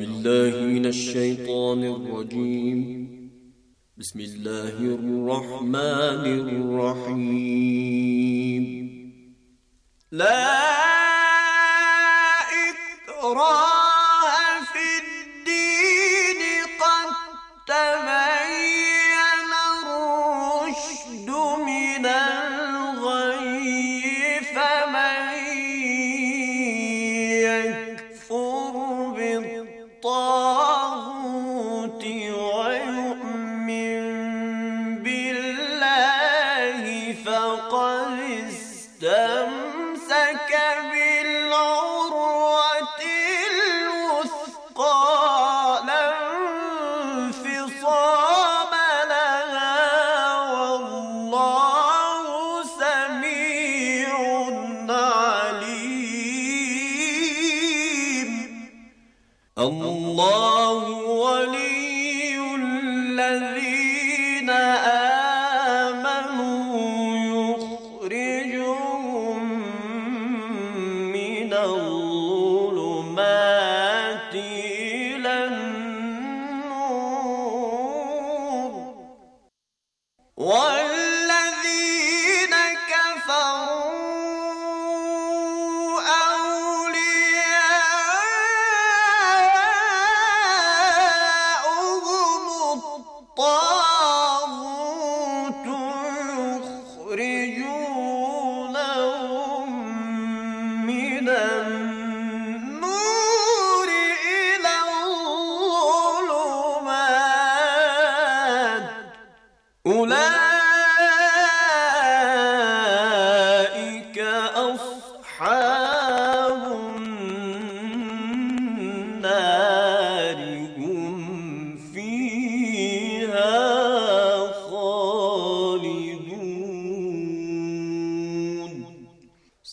بالله من الشيطان الرجيم بسم الله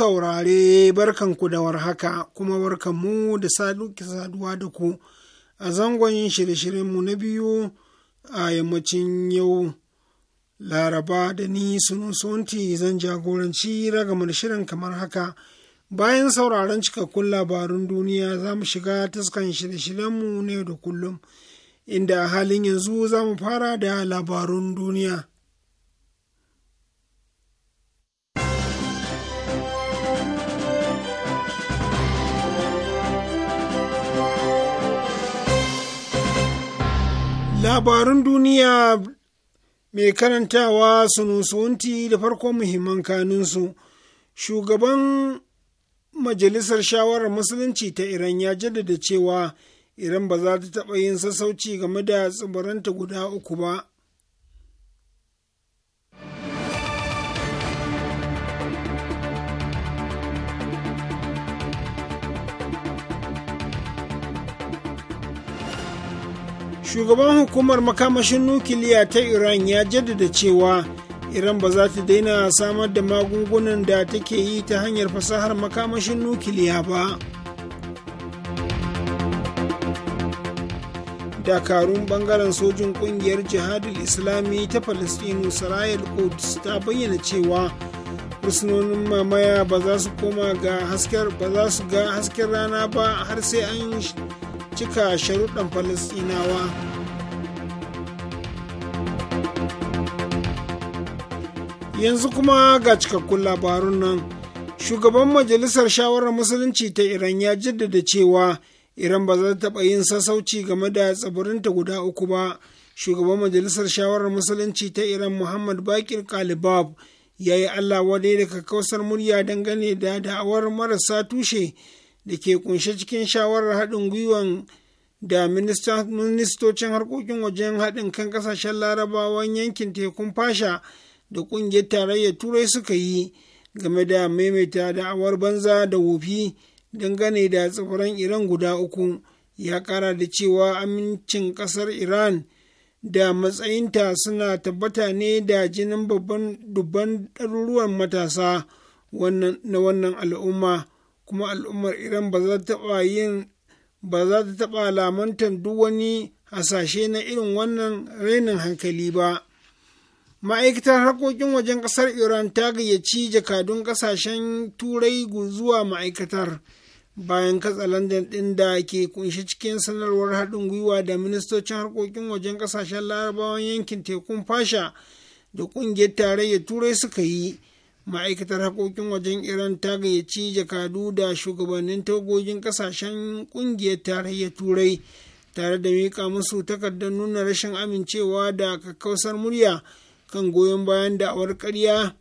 saurare barkanku da warhaka kuma barkanmu da saduwa da ku a zangon shirye-shiryenmu na biyu a yammacin yau laraba da ni sunusunti zan jagoranci ragamar shirin kamar haka bayan sauraron cikakkun labarun duniya za mu shiga taskan shirye-shiryenmu na yau da kullum inda a halin yanzu za mu fara da labarun duniya. Labarun duniya mai karantawa sunusunti da farko muhimman kanunsu. Shugaban Majalisar Shawarar Musulunci ta Iran ya jaddada cewa Iran ba za ta taɓa yin sassauci game da tsibiranta guda uku ba. shugaban hukumar makamashin nukiliya ta iran ya jaddada cewa iran ba za ta daina samar da magungunan da take yi ta hanyar fasahar makamashin nukiliya ba dakarun bangaren sojin kungiyar jihadul islami ta palestinu sarayar quds ta bayyana cewa fursunonin mamaya ba za su koma hasken ga hasken rana ba har sai an cika sharuɗan falasɗinawa yanzu kuma ga cikakkun labarun nan shugaban majalisar shawarar musulunci ta iran ya jaddada cewa iran ba za ta taɓa yin sassauci game da tsibirinta guda uku ba shugaban majalisar shawarar musulunci ta iran muhammad bakir kalibab ya yi allah wadai daga kakkausar murya dangane da da'awar marasa tushe da ke kunshe cikin shawarar haɗin gwiwan da ministocin harkokin wajen haɗin kan ƙasashen larabawan yankin tekun fasha da ƙungiyar tarayyar turai suka yi game da maimaita da'awar banza da wofi dangane da tsibiran iran guda uku ya ƙara da cewa amincin ƙasar iran da matsayinta suna tabbata ne da jinin babban dubban ɗaruruwan matasa na wannan al'umma kuma al'ummar iran ba za ta taɓa yin ba za ta taɓa lamantar duk wani hasashe na irin wannan renin hankali ba ma'aikatar harkokin wajen ƙasar iran ta gayyaci jakadun ƙasashen turai zuwa ma'aikatar bayan katsa london ɗin da ke kunshi cikin sanarwar haɗin gwiwa da ministocin harkokin wajen ƙasashen larabawan yankin tekun fasha da ƙungiyar tarayyar turai suka yi ma'aikatar haƙoƙin wajen iran ta gayyaci jakadu da shugabannin togogin ƙasashen ƙungiyar tarayyar turai tare da miƙa musu takardar nuna rashin amincewa da kakkausar murya kan goyon bayan da'awar ƙarya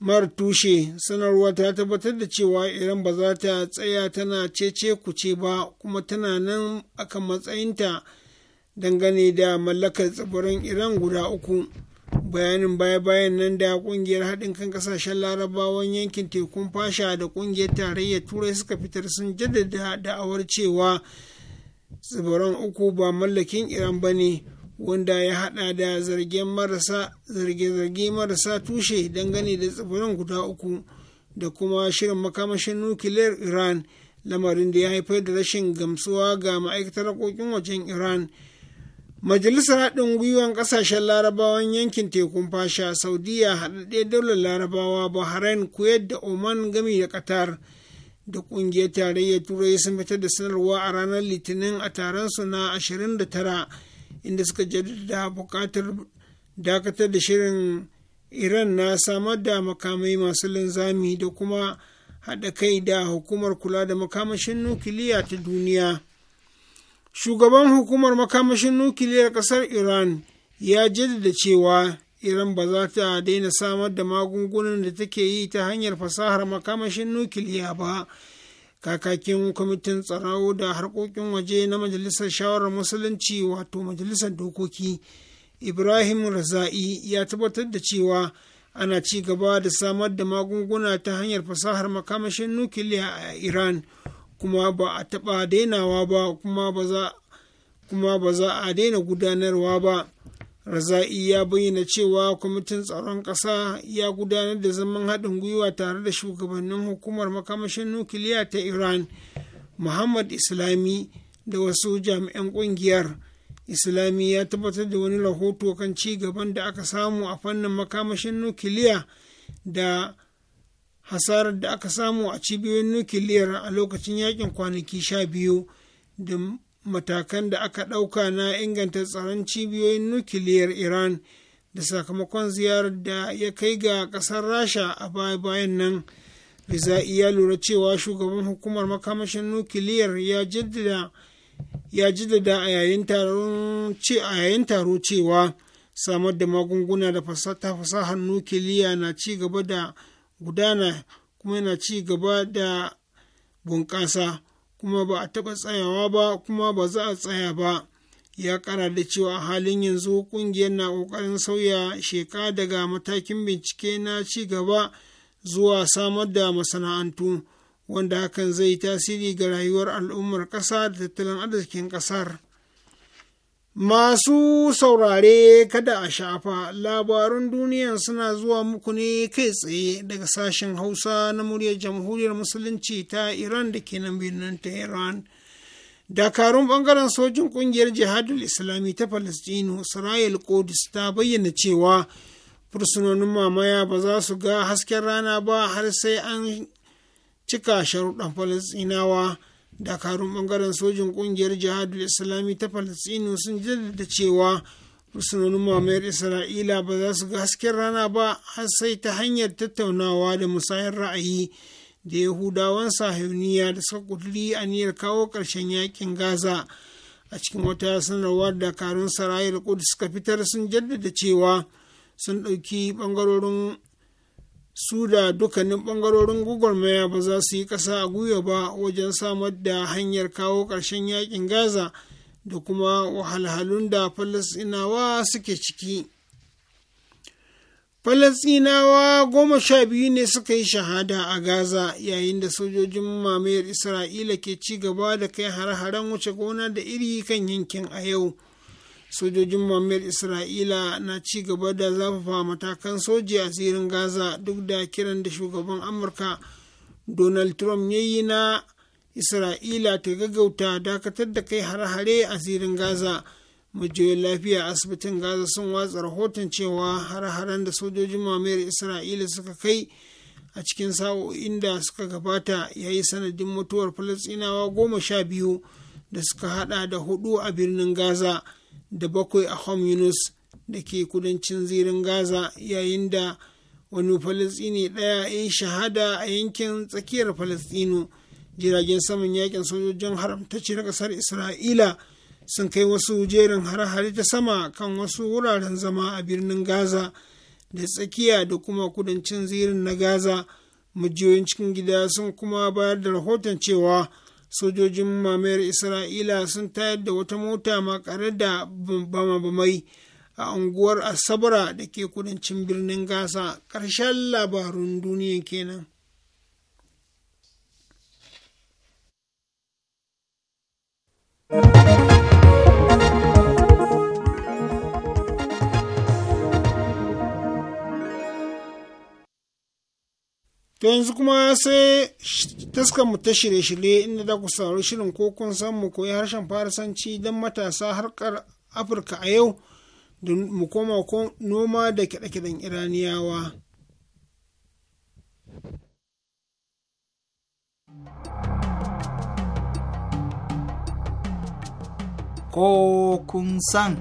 mar tushe sanarwa ta tabbatar da cewa iran ba za ta tsaya tana cece kuce ba kuma tana nan akan matsayinta dangane da mallakar tsibirin iran guda uku. bayanin baya-bayan nan da kungiyar haɗin kan kasashen larabawan yankin tekun fasha da kungiyar tarayyar turai suka fitar sun jaddada da'awar cewa tsibiran uku ba mallakin iran ba ne wanda ya haɗa da zarge-zarge marasa tushe dangane da tsibiran guda uku da kuma shirin makamashin nukiliyar iran lamarin da ya haifar da rashin gamsuwa ga ma'aikatar harkokin wajen iran. Majalisar haɗin gwiwan ƙasashen larabawan yankin tekun fasha Saudiya haɗaɗɗe daular larabawa Bahrain Kuwait da Oman gami da Qatar da ƙungiyar tarayyar turai sun fitar da sanarwa a ranar litinin a taron su na 29 inda suka jaddada buƙatar dakatar da shirin Iran na samar da makamai masu linzami da kuma haɗa kai da hukumar kula da makamashin nukiliya ta duniya. shugaban hukumar makamashin nukiliyar kasar iran ya jaddada cewa iran ba za ta daina samar da magungunan da take yi ta hanyar fasahar makamashin nukiliya ba kakakin kwamitin tsaro da harkokin waje na majalisar shawarar musulunci wato majalisar dokoki ibrahim raza'i ya tabbatar da cewa ana ci gaba da samar da magunguna ta hanyar fasahar makamashin nukiliya a iran kuma ba a taɓa dainawa ba kuma ba za a daina gudanarwa ba raza'i ya bayyana cewa kwamitin tsaron ƙasa ya gudanar da zaman haɗin gwiwa tare da shugabannin hukumar makamashin nukiliya ta iran muhammad islami da wasu jami'an ƙungiyar islami ya tabbatar da wani rahoto kan ci gaban da aka samu a fannin makamashin nukiliya da hasarar da aka samu a cibiyoyin nukiliyar a lokacin yakin kwanaki sha biyu da matakan da aka ɗauka na inganta tsaron cibiyoyin nukiliyar iran da sakamakon ziyarar da ya kai ga ƙasar rasha a baya-bayan nan rizai ya lura cewa shugaban hukumar makamashin nukiliyar ya jaddada a yayin taro cewa samar da magunguna da fasahar nukiliya na ci gaba da gudana kuma yana ci gaba da bunƙasa kuma ba a taɓa tsayawa ba kuma ba za a tsaya ba ya kara da cewa a halin yanzu ƙungiyar na ƙoƙarin sauya sheka daga matakin bincike na ci gaba zuwa samar da masana'antu wanda hakan zai tasiri ga rayuwar al'ummar ƙasa da tattalin arzikin ƙasar. Masu saurare kada a shafa labarun duniya suna zuwa muku ne kai tsaye daga sashen Hausa na muryar Jamhuriyar Musulunci ta Iran da ke nan birnin Tehran. Dakarun bangaren sojin kungiyar jihadul Islami ta Falasɗinu, Israel kodis ta bayyana cewa fursunonin mamaya ba za su ga hasken rana ba har sai an cika sharuɗan Falasɗinawa. dakarun bangaren sojin kungiyar jihadul islami ta palestino sun jaddada cewa rusunonin mamayar isra'ila ba za su ga hasken rana ba har sai ta hanyar tattaunawa da musayar ra'ayi da yahudawan sahiyoniya da suka kuduri aniyar kawo karshen yakin gaza a cikin wata sanarwa dakarun sarayar kudu suka fitar sun jaddada cewa sun ɗauki bangarorin. su da dukkanin ɓangarorin maya ba za su yi ƙasa a gwiwa ba wajen samar da hanyar kawo ƙarshen yakin gaza da kuma wahalhalun da falasinawa suke ciki falasinawa goma sha biyu ne suka yi shahada a gaza yayin da sojojin mamayar isra'ila ke ci gaba da kai hare-haren wuce gona da iri kan yankin a yau sojojin mamayar isra'ila na ci gaba da zafafa matakan soji a tsirin gaza duk da kiran da shugaban amurka donald trump ya yi na isra'ila ta gaggauta dakatar da kai har-hare a tsirin gaza majiyoyin lafiya asibitin gaza sun watsa rahoton cewa har-haren da sojojin mamayar isra'ila suka kai a cikin sa'o'in da suka gabata ya yi sanadin mutuwar falasinawa goma sha biyu da suka hada da hudu a birnin gaza da bakwai a Hom Yunus da ke kudancin zirin Gaza yayin da wani Falasɗini ɗaya ya yi shahada a yankin tsakiyar Falasɗinu. Jiragen saman yakin sojojin na ƙasar Isra'ila sun kai wasu jerin hare-hare ta sama kan wasu wuraren zama a birnin Gaza da tsakiya da kuma kudancin zirin na Gaza. mujiyoyin cikin gida sun kuma bayar da rahoton cewa sojojin mamayar isra'ila sun tayar da wata mota makare da bama-bamai a unguwar asabra da ke kudancin birnin gasa karshen labarun duniya kenan thank you To yanzu kuma sai mu ta shirye-shirye inda da ku sauri shirin ko kun san mu koyi harshen Farisanci don matasa harkar Afirka a yau da mu koma ko noma da kiɗe-kiɗen Iraniyawa. Ko kun san.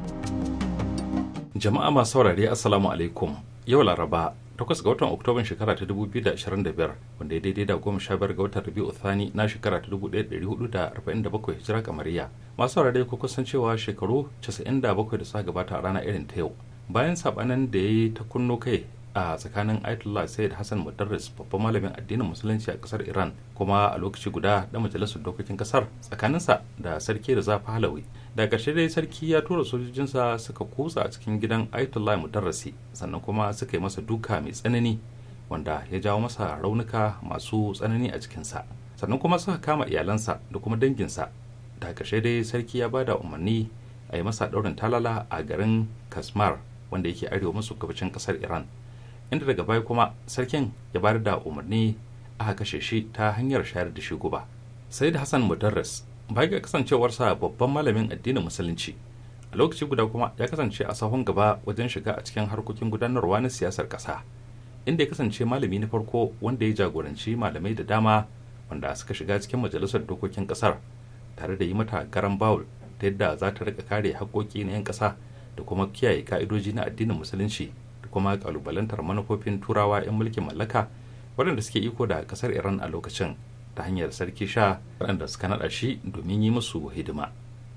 Jama'a masu saurare Assalamu alaikum yau Laraba 8 ga watan oktoban shekara ta 2025 wanda ya daidai da 15 ga watan rabi'u thani na shekara ta 1447 hijira kamariya masu rarrai ko kusan cewa shekaru 97 da suka gabata a rana irin ta yau bayan sabanan da ya yi ta kunno kai a tsakanin Ayatollah Said Hassan Mudarris babban malamin addinin musulunci a kasar Iran kuma a lokaci guda da majalisar dokokin kasar tsakaninsa da sarki da zafi halawi daga dai sarki ya tura sojojinsa suka kutsa a cikin gidan aitullah mudarrasi sannan kuma suka yi masa duka mai tsanani wanda ya jawo masa raunuka masu tsanani a cikinsa sannan kuma suka kama iyalansa da kuma danginsa daga kashe dai sarki ya bada umarni a yi masa daurin talala a garin kasmar wanda yake arewa masu gabashin kasar iran inda daga baya kuma sarkin ya bayar da umarni aka kashe shi ta hanyar shayar da shi guba sai da hassan mudarris baya ga kasancewarsa babban malamin addinin musulunci a lokaci guda kuma ya kasance a sahun gaba wajen shiga a cikin harkokin gudanarwa na siyasar ƙasa inda ya kasance malami na farko wanda ya jagoranci malamai da dama wanda suka shiga cikin majalisar dokokin ƙasar tare da yi mata garan bawul ta yadda za ta rika kare haƙƙoƙi na 'yan ƙasa da kuma kiyaye ka'idoji na addinin musulunci da kuma ƙalubalantar manufofin turawa 'yan mulkin mallaka waɗanda suke iko da ƙasar iran a lokacin ta hanyar sarki sha waɗanda suka naɗa shi domin yi musu hidima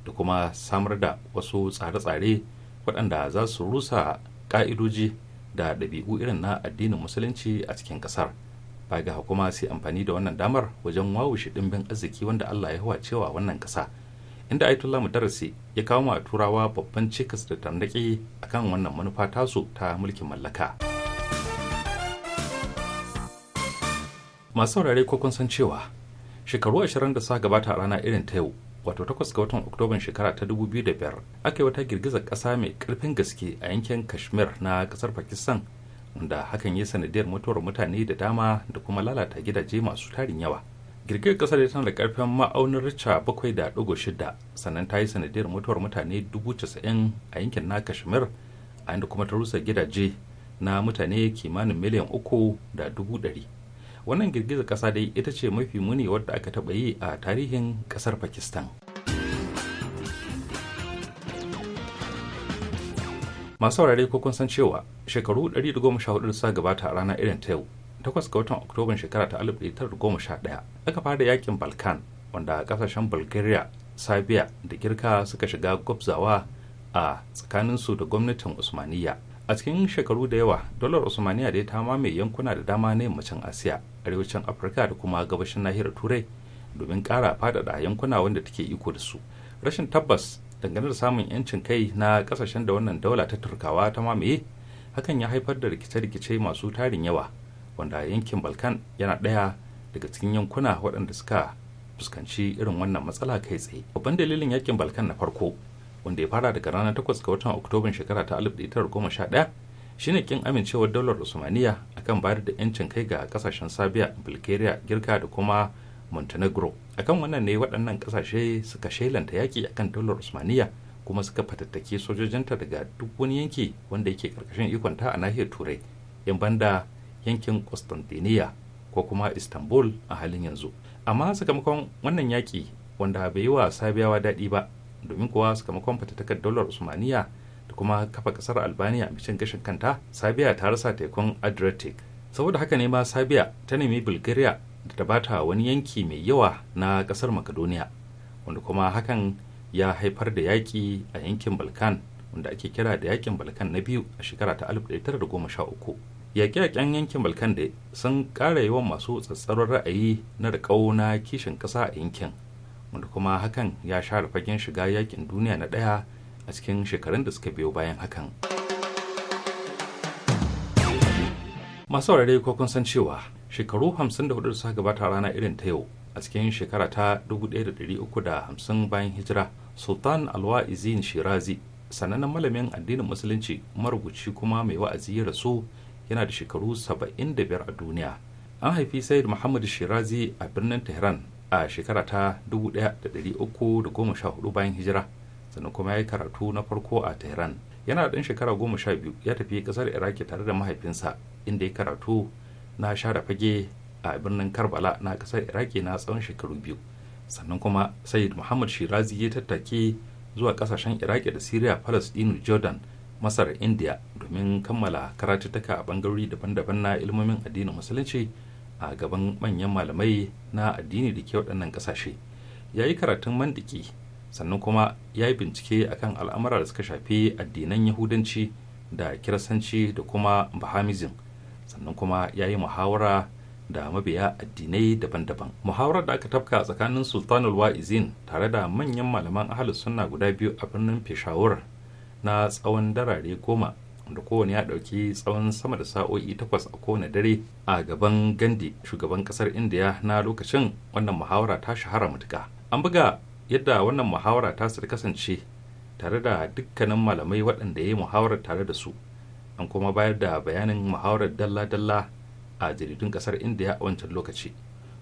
da kuma samar da wasu tsare-tsare waɗanda za su rusa ƙa'idoji da ɗabi'u irin na addinin musulunci a cikin ƙasar ba ga kuma sai amfani da wannan damar wajen wawushe ɗimbin arziki wanda allah ya cewa wannan ƙasa inda aitullah darasi ya kawo ma turawa babban cikas da tandaƙi akan wannan manufa tasu ta mulkin mallaka. masu saurare ko kun san cewa shekaru ashirin da suka gabata a rana irin ta yau wato 8 ga watan oktoban shekara ta 2005 aka yi wata girgizar ƙasa mai karfin gaske a yankin kashmir na kasar pakistan wanda hakan ya sanadiyar mutuwar mutane da dama da kuma lalata gidaje masu tarin yawa girgizar ƙasar da tana da ƙarfin ma'aunin richa 7.6 sannan ta yi sanadiyar mutuwar mutane 90,000 a yankin na kashmir a inda kuma ta rusa gidaje na mutane kimanin miliyan uku da dubu wannan girgizar ƙasa dai ita ce mafi muni wadda aka taba yi a tarihin kasar pakistan masu saurare ko kun san cewa shekaru 114 suka gabata a rana irin ta yau takwas ga watan oktoban shekara ta 1911 aka fara yakin balkan wanda kasashen bulgaria sabia da girka suka shiga gwabzawa a tsakaninsu da gwamnatin usmaniya a cikin shekaru da yawa dolar usmaniya da ta mamaye yankuna da dama na yammacin asiya arewacin afirka da kuma gabashin nahiyar turai domin kara faɗaɗa yankuna wanda take iko da su rashin tabbas dangane da samun yancin kai na kasashen da wannan daula ta turkawa ta mamaye hakan ya haifar da rikice-rikice masu tarin yawa wanda yankin balkan yana daya daga cikin yankuna waɗanda suka fuskanci irin wannan matsala kai tsaye babban dalilin yakin balkan na farko wanda ya fara daga ranar 8 ga watan oktoban shekara ta goma sha 1911 shine kin amincewar daular usmaniya akan bayar da yancin kai ga kasashen sabiya bulgaria girka da kuma montenegro akan wannan ne waɗannan kasashe suka shailanta yaƙi akan daular usmaniya kuma suka fatattake sojojinta daga duk wani yanki wanda yake karkashin ikonta a nahiyar turai in banda yankin constantiniya ko kuma istanbul a halin yanzu amma sakamakon wannan yaƙi wanda bai yi wa sabiyawa daɗi ba domin kuwa sakamakon fatattakar daular usmaniya da kuma kafa kasar albaniya a bishin gashin kanta sabiya ta rasa tekun adriatic saboda haka ne ma sabiya ta nemi bulgaria da ta bata wani yanki mai yawa na kasar makadoniya wanda kuma hakan ya haifar da yaƙi a yankin balkan wanda ake kira da yakin balkan na biyu a shekara ta 1913 yaƙe-yaƙen yankin balkan da sun ƙara yawan masu tsatsarar ra'ayi na riƙau na kishin ƙasa a yankin wanda kuma hakan ya share fagen shiga yakin duniya na daya a cikin shekarun da suka biyo bayan hakan masu saurare ko kun san cewa shekaru 54 da suka gabata rana irin ta yau a cikin shekara ta 1350 bayan hijira sultan alwa izin shirazi sanannen malamin addinin musulunci marubuci kuma mai wa'azi ya rasu yana da shekaru 75 a duniya an haifi sayyid muhammad shirazi a birnin tehran a shekara ta 1314 bayan hijira sannan kuma ya yi karatu na farko a tehran yana ɗan shekara goma sha biyu ya tafi ƙasar iraki tare da mahaifinsa inda ya karatu na share fage a birnin karbala na ƙasar iraki na tsawon shekaru biyu sannan kuma sayid muhammad shirazi ya tattake zuwa ƙasashen iraki da syria palestine jordan masar india domin kammala karatuttuka a bangarori daban-daban na ilmomin addinin musulunci a gaban manyan malamai na addini da ke waɗannan ƙasashe ya yi karatun mandiki sannan kuma ya yi bincike akan al'amura da suka shafi addinan yahudanci da kirasanci da kuma bahamizm sannan kuma ya yi muhawara da mabiya addinai daban-daban muhawarar da aka tafka tsakanin sultanul wa'izin tare da manyan malaman ahalus sunna guda biyu a birnin peshawar na tsawon darare goma da kowane ya ɗauki tsawon sama da sa'o'i takwas a kowane dare a gaban gandi shugaban kasar indiya na lokacin wannan muhawara ta shahara matuka an buga yadda wannan muhawara ta su kasance tare da dukkanin malamai waɗanda ya yi muhawarar tare da su an kuma bayar da bayanin muhawarar dalla-dalla a jaridun kasar indiya a wancan lokaci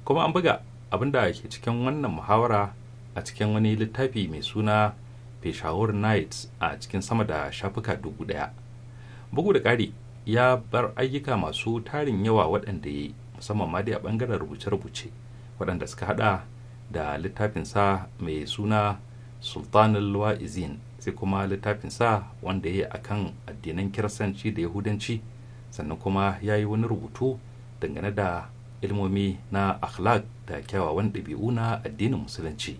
kuma an buga abin da ke cikin wannan muhawara a cikin wani littafi mai suna peshawar nights a cikin sama da shafuka dubu daya bugu da ƙari ya bar ayyuka masu tarin yawa waɗanda ya yi musamman ma dai a ɓangaren rubuce-rubuce waɗanda suka haɗa da littafinsa mai suna sultanul wa'izin sai kuma littafinsa wanda ya yi a kan addinan kirsanci da yahudanci sannan kuma ya yi wani rubutu dangane da ilmomi na akhlaq da kyawawan ɗabi'u na addinin musulunci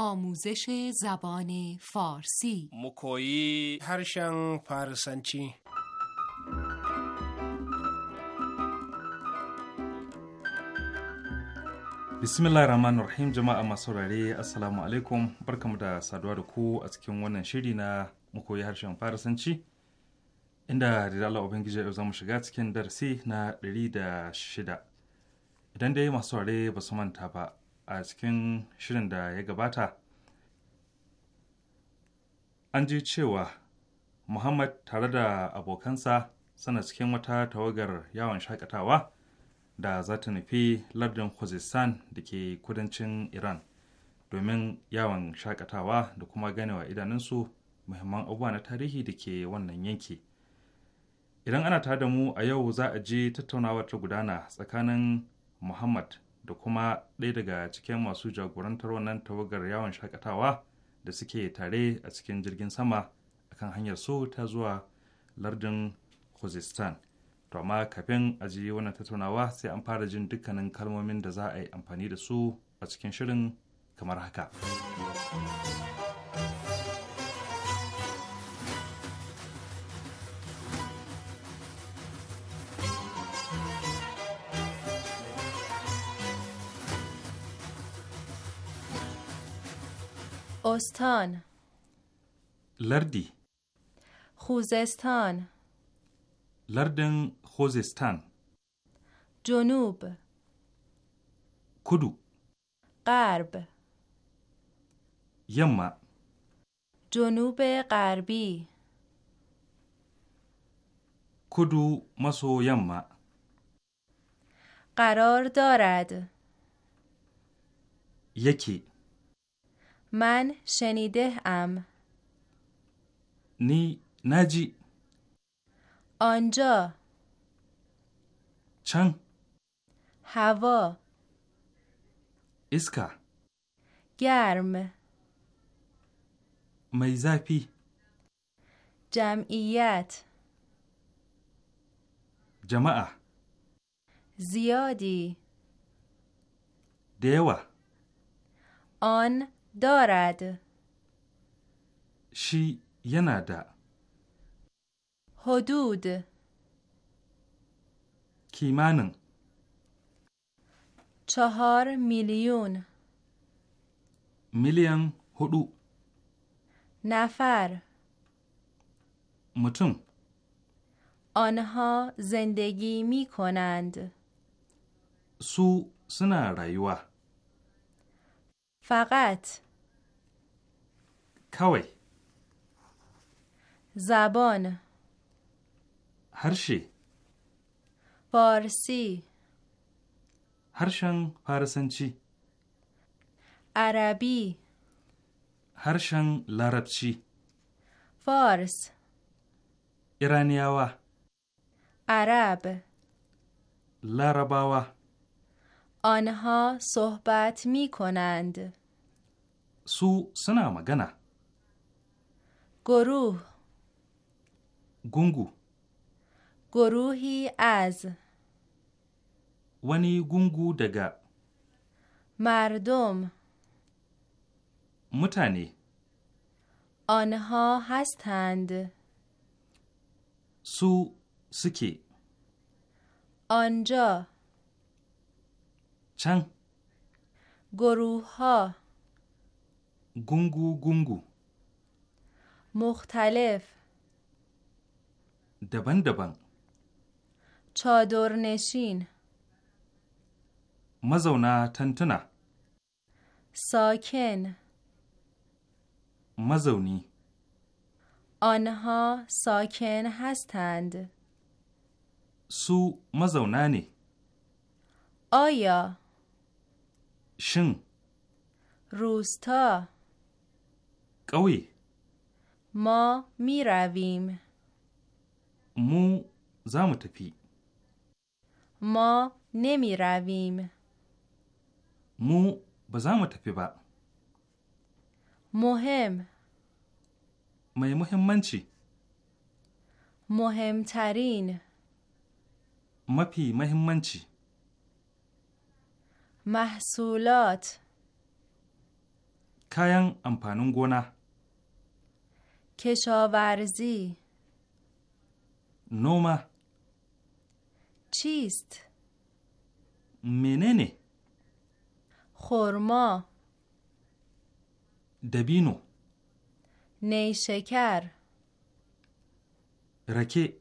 آموزش زبان فارسی مکویی هرشن فارسنچی bismillah rahman rahim jama'a masu saurare assalamu alaikum barkamu da saduwa da ku a cikin wannan shiri na mukoyi harshen farisanci inda da Allah ubangiji yau za shiga cikin darasi na 106 idan dai masu saurare ba su manta ba a cikin shirin da ya gabata an ji cewa muhammad tare da abokansa sana cikin wata tawagar yawon shakatawa da za ta nufi lardin khuzestan da ke kudancin iran domin yawon shakatawa da kuma ganewa idanunsu muhimman abuwa na tarihi da ke wannan yanki idan ana tare da mu a yau za a ji tattaunawar ta gudana tsakanin muhammad da kuma ɗaya daga cikin masu jagorantar wannan tawagar yawon shakatawa da suke tare a cikin jirgin sama akan hanyar su ta zuwa lardin kuzistan to amma kafin a ji wannan tattaunawa sai an fara jin dukkanin kalmomin da za a yi amfani da su a cikin shirin kamar haka. استان لردی خوزستان لردن خوزستان جنوب کدو غرب یما جنوب غربی کدو مسو یما قرار دارد یکی من شنیده ام نی نجی آنجا چنگ هوا اسکا گرم میزپی جمعیت جماعه زیادی دیوه آن دارد شی ینادا حدود کیمانن چهار میلیون میلیون هدو نفر متون آنها زندگی می کنند سو سنا رایوه فقط کوی زبان هرشی فارسی هرشن چی؟ عربی هرشن لاربچی فارس ایرانیاوا عرب لارباوا آنها صحبت می کنند سو سنا مگنه گروه گونگو گروهی از ونی گونگو دگا مردم متنی آنها هستند سو سکی آنجا چند گروه ها گونگو گونگو مختلف دبن دبن چادر نشین مزونا تنتنا ساکن مزونی آنها ساکن هستند سو مزونانی آیا شن روستا قوی ما می رویم مو زامو تپی ما نمی رویم مو بزامو تپی با مهم mai muhimmanci muhimtarin mafi muhimmanci mahsulat kayan amfanin gona کشاورزی نومه چیست؟ مننه خورما دبینو نیشکر رکی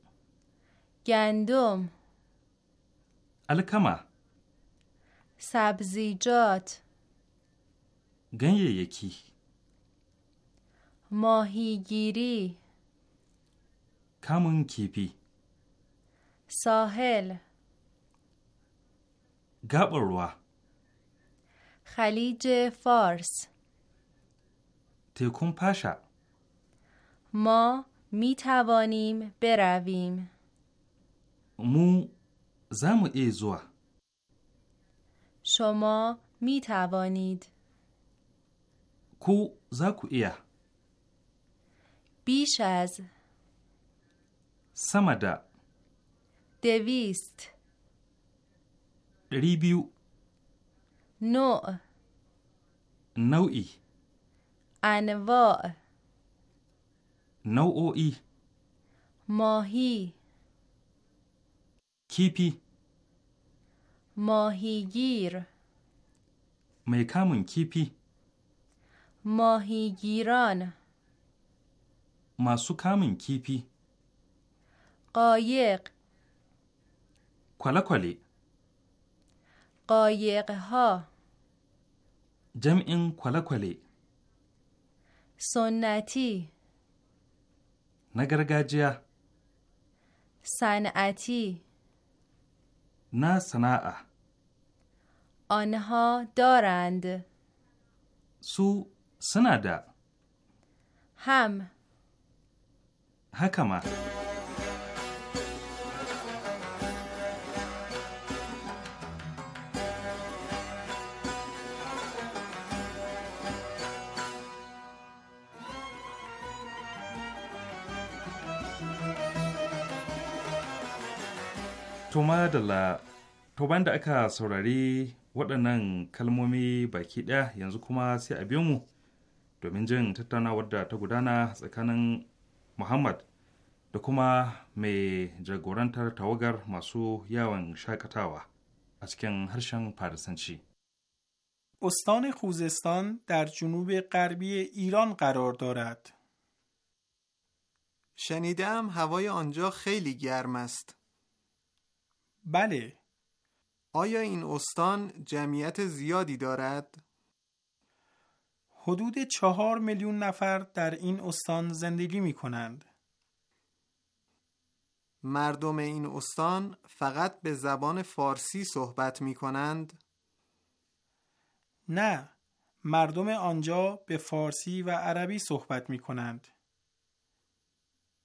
گندم الکما سبزیجات گنیه یکی ماهیگیری کامون کیپی ساحل گابروا خلیج فارس تکون پاشا ما می توانیم برویم مو زمو ایزوا شما می توانید کو زاکو بیش از سمدا دویست ریبیو نوع نوعی انواع نوعی ماهی کیپی ماهیگیر mai kamun kifi. Mahigiran ما سوکامین کیپی؟ قایق. کلا کلی. قایقها. جم این کلا کلی. نگرگاجیا. سناتی. نا سناء. آنها دارند سو سنادا. هم haka ma Tuma da la To da aka saurari waɗannan kalmomi baki ɗaya yanzu kuma sai a biyo mu domin jin tattaunawar da ta gudana tsakanin muhammad da kuma mai jagorantar tawagar masu yawon shakatawa a cikin harshen farisanci. استان خوزستان در جنوب غربی ایران قرار دارد. شنیدم هوای آنجا خیلی گرم است. بله. آیا این استان جمعیت زیادی دارد؟ حدود چهار میلیون نفر در این استان زندگی می کنند. مردم این استان فقط به زبان فارسی صحبت می کنند؟ نه، مردم آنجا به فارسی و عربی صحبت می کنند.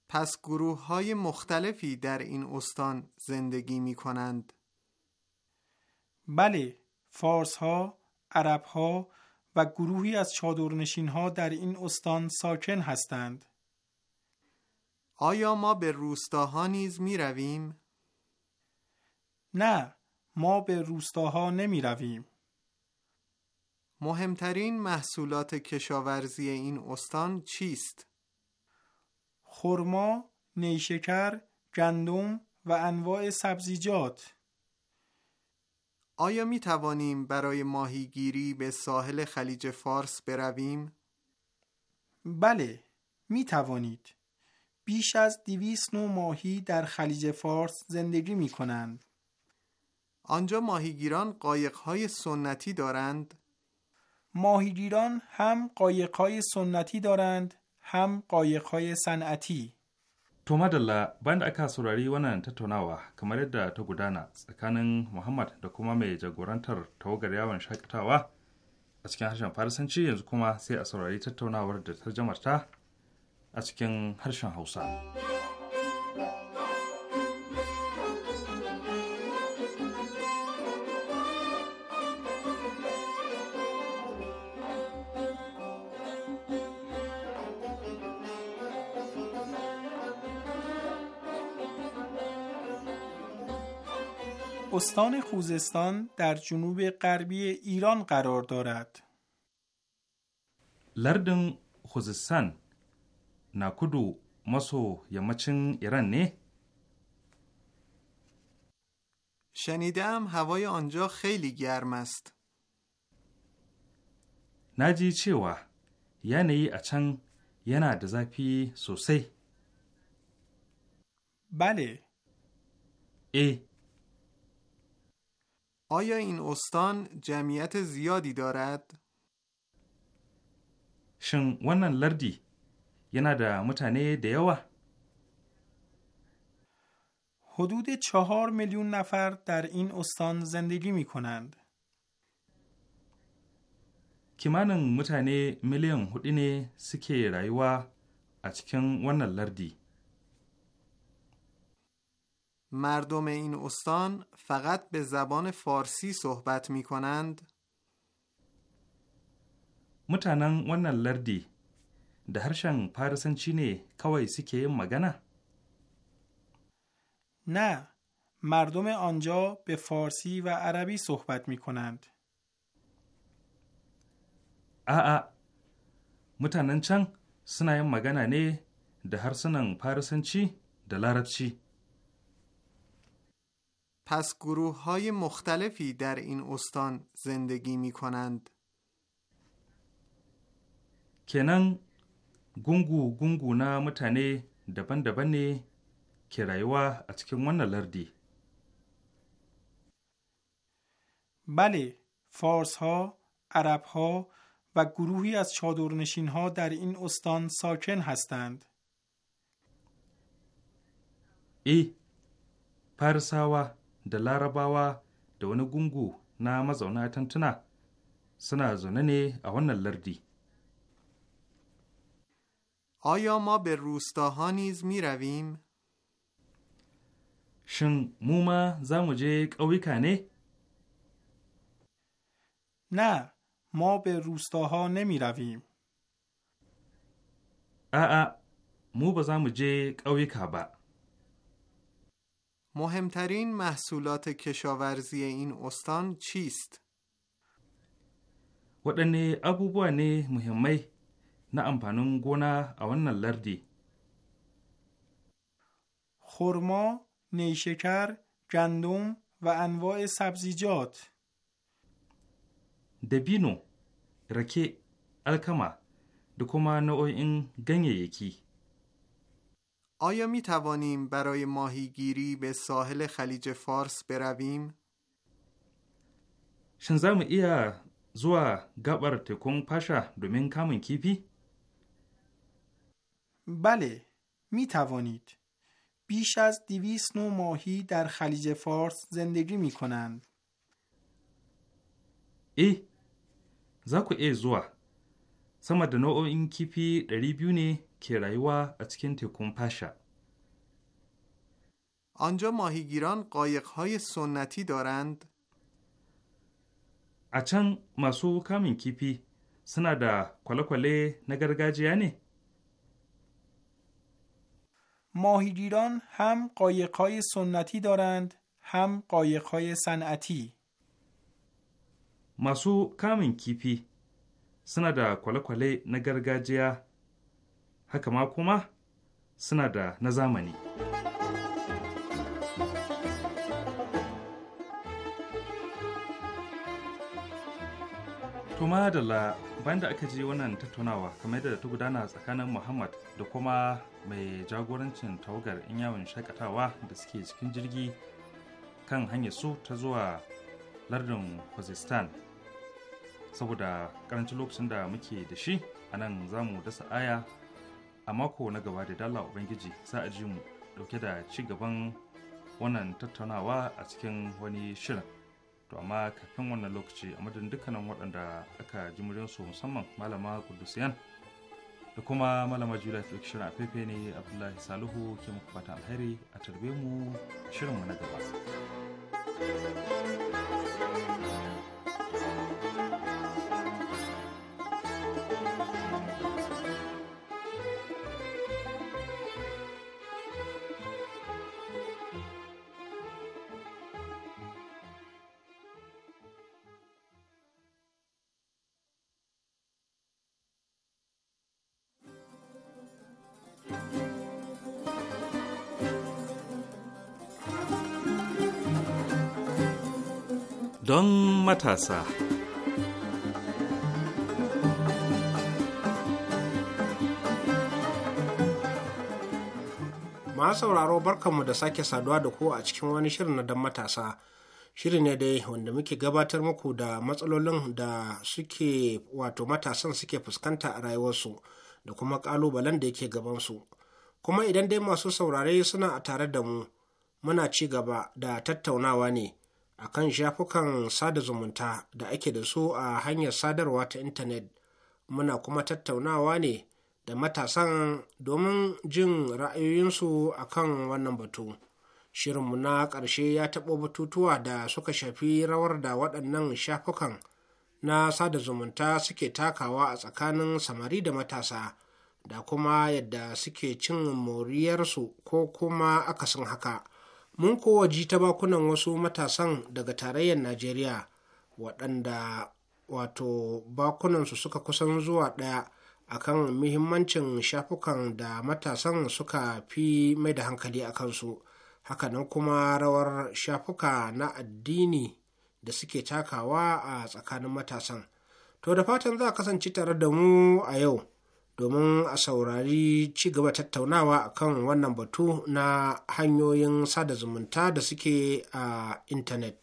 پس گروه های مختلفی در این استان زندگی می کنند؟ بله، فارس ها، عرب ها و گروهی از چادرنشین ها در این استان ساکن هستند. آیا ما به روستاها نیز می رویم؟ نه، ما به روستاها نمی رویم. مهمترین محصولات کشاورزی این استان چیست؟ خرما، نیشکر، گندم و انواع سبزیجات آیا می توانیم برای ماهیگیری به ساحل خلیج فارس برویم؟ بله، می توانید. بیش از دیویس نو ماهی در خلیج فارس زندگی می کنند. آنجا ماهیگیران قایقهای سنتی دارند؟ ماهیگیران هم قایقهای سنتی دارند هم قایقهای صنعتی. To madalla bayan da aka saurari wannan tattaunawa kamar yadda ta gudana tsakanin Muhammad da kuma mai jagorantar tawagar yawon shakatawa a cikin harshen Farisanci yanzu kuma sai a saurari tattaunawar da ta jamarta a cikin harshen Hausa. استان خوزستان در جنوب غربی ایران قرار دارد. لردن خوزستان ناکودو مسو یمچن ایران نه؟ شنیدم هوای آنجا خیلی گرم است. نجی چیوا یعنی اچن یا دزافی سوسی بله ای آیا این استان جمعیت زیادی دارد؟ شن ونن لردی ینا دا متانه دیوه حدود چهار میلیون نفر در این استان زندگی می کنند. kimanin mutane miliyan hudu ne suke rayuwa a cikin wannan lardi. مردم این استان فقط به زبان فارسی صحبت می کنند؟ متنان ونن لردی ده هرشن پارسنچی نه کوای سیکه مگنه؟ نه مردم آنجا به فارسی و عربی صحبت می کنند. آآ متنان چنگ سنایم مگنه نه ده هرسنن چی ده چی؟ پس گروه های مختلفی در این استان زندگی می کنند. کنن گونگو گونگو نا متانه دبن دبن نه لردی. بله، فارس ها، عرب ها و گروهی از چادرنشین ها در این استان ساکن هستند. ای، پرساوا da larabawa da wani gungu na mazauna tantuna suna zaune ne a wannan lardi. Aya ma be rustaha niz mi Shin mu ma za mu je ƙauyuka ne? Na, ma be rustaha ne mi A'a, mu ba za mu je ƙauyuka ba. مهمترین محصولات کشاورزی این استان چیست؟ waɗanne abubuwa ne muhimmai na amfanin gona a wannan lardi? خرما، نیشکر، گندم و انواع سبزیجات دبینو، رکه، الکما da این گنگه یکی آیا می توانیم برای ماهیگیری به ساحل خلیج فارس برویم؟ شنزام ایا زوا گبر تکون پاشا دومین کامن کیپی؟ بله، می توانید. بیش از دویست نو ماهی در خلیج فارس زندگی می کنند. ای، زاکو ای زوا، سمد نو این کیپی داری ke rayuwa a cikin tekun fasha. Anja mahigiran ƙayyakhai sunnati darand? A can masu kamun kifi suna da kwale-kwale na gargajiya ne? ماهیگیران هم قایقهای سنتی دارند هم قایقهای صنعتی مسو کامن کیپی سنا دا کله کله نگرگاجیا haka ma kuma suna da na zamani. Tuma da la bayan da aka je wannan tattaunawa kamar yadda ta gudana tsakanin Muhammad da kuma mai jagorancin tawagar in yawon shakatawa da suke cikin jirgi kan hanyar su ta zuwa lardin Khuzestan. Saboda karancin lokacin da muke da shi a nan za mu dasa aya a mako na gaba da dala ubangiji za a ji mu dauke da ci gaban wannan tattaunawa a cikin wani shirin to amma kafin wannan lokaci a madadin dukkanin waɗanda aka ji su musamman malama kudusiyan da kuma malama juliya fi shirin a fefe ne abdullahi saluhu ke muku fatan alheri a tarbe mu shirin mu na gaba matasa. Ma sauraro barkanmu da sake saduwa da ku a cikin wani shirin na dan matasa. Shiri ne dai wanda muke gabatar muku da matsalolin da suke wato matasan suke fuskanta a rayuwarsu da kuma ƙalubalen da yake gabansu. Kuma idan dai masu saurare suna a tare da mu, muna ci gaba da tattaunawa ne. a kan shafukan sada zumunta da ake da su a hanyar sadarwa ta intanet muna kuma tattaunawa ne da matasan domin jin ra'ayoyinsu a kan wannan batu shirinmu na ƙarshe ya taɓo batutuwa da suka shafi rawar da waɗannan shafukan na sada zumunta suke takawa a tsakanin samari da matasa da kuma yadda suke cin moriyarsu ko kuma akasin haka. mun kowa ji ta bakunan wasu matasan daga tarayyar najeriya waɗanda wato bakunansu suka kusan zuwa ɗaya akan muhimmancin shafukan da matasan suka fi mai da hankali a kansu hakanan kuma rawar shafuka na addini da suke takawa a tsakanin matasan to da fatan za a kasance tare da mu a yau domin a saurari ci gaba tattaunawa akan wannan batu na hanyoyin sada zumunta da suke a intanet.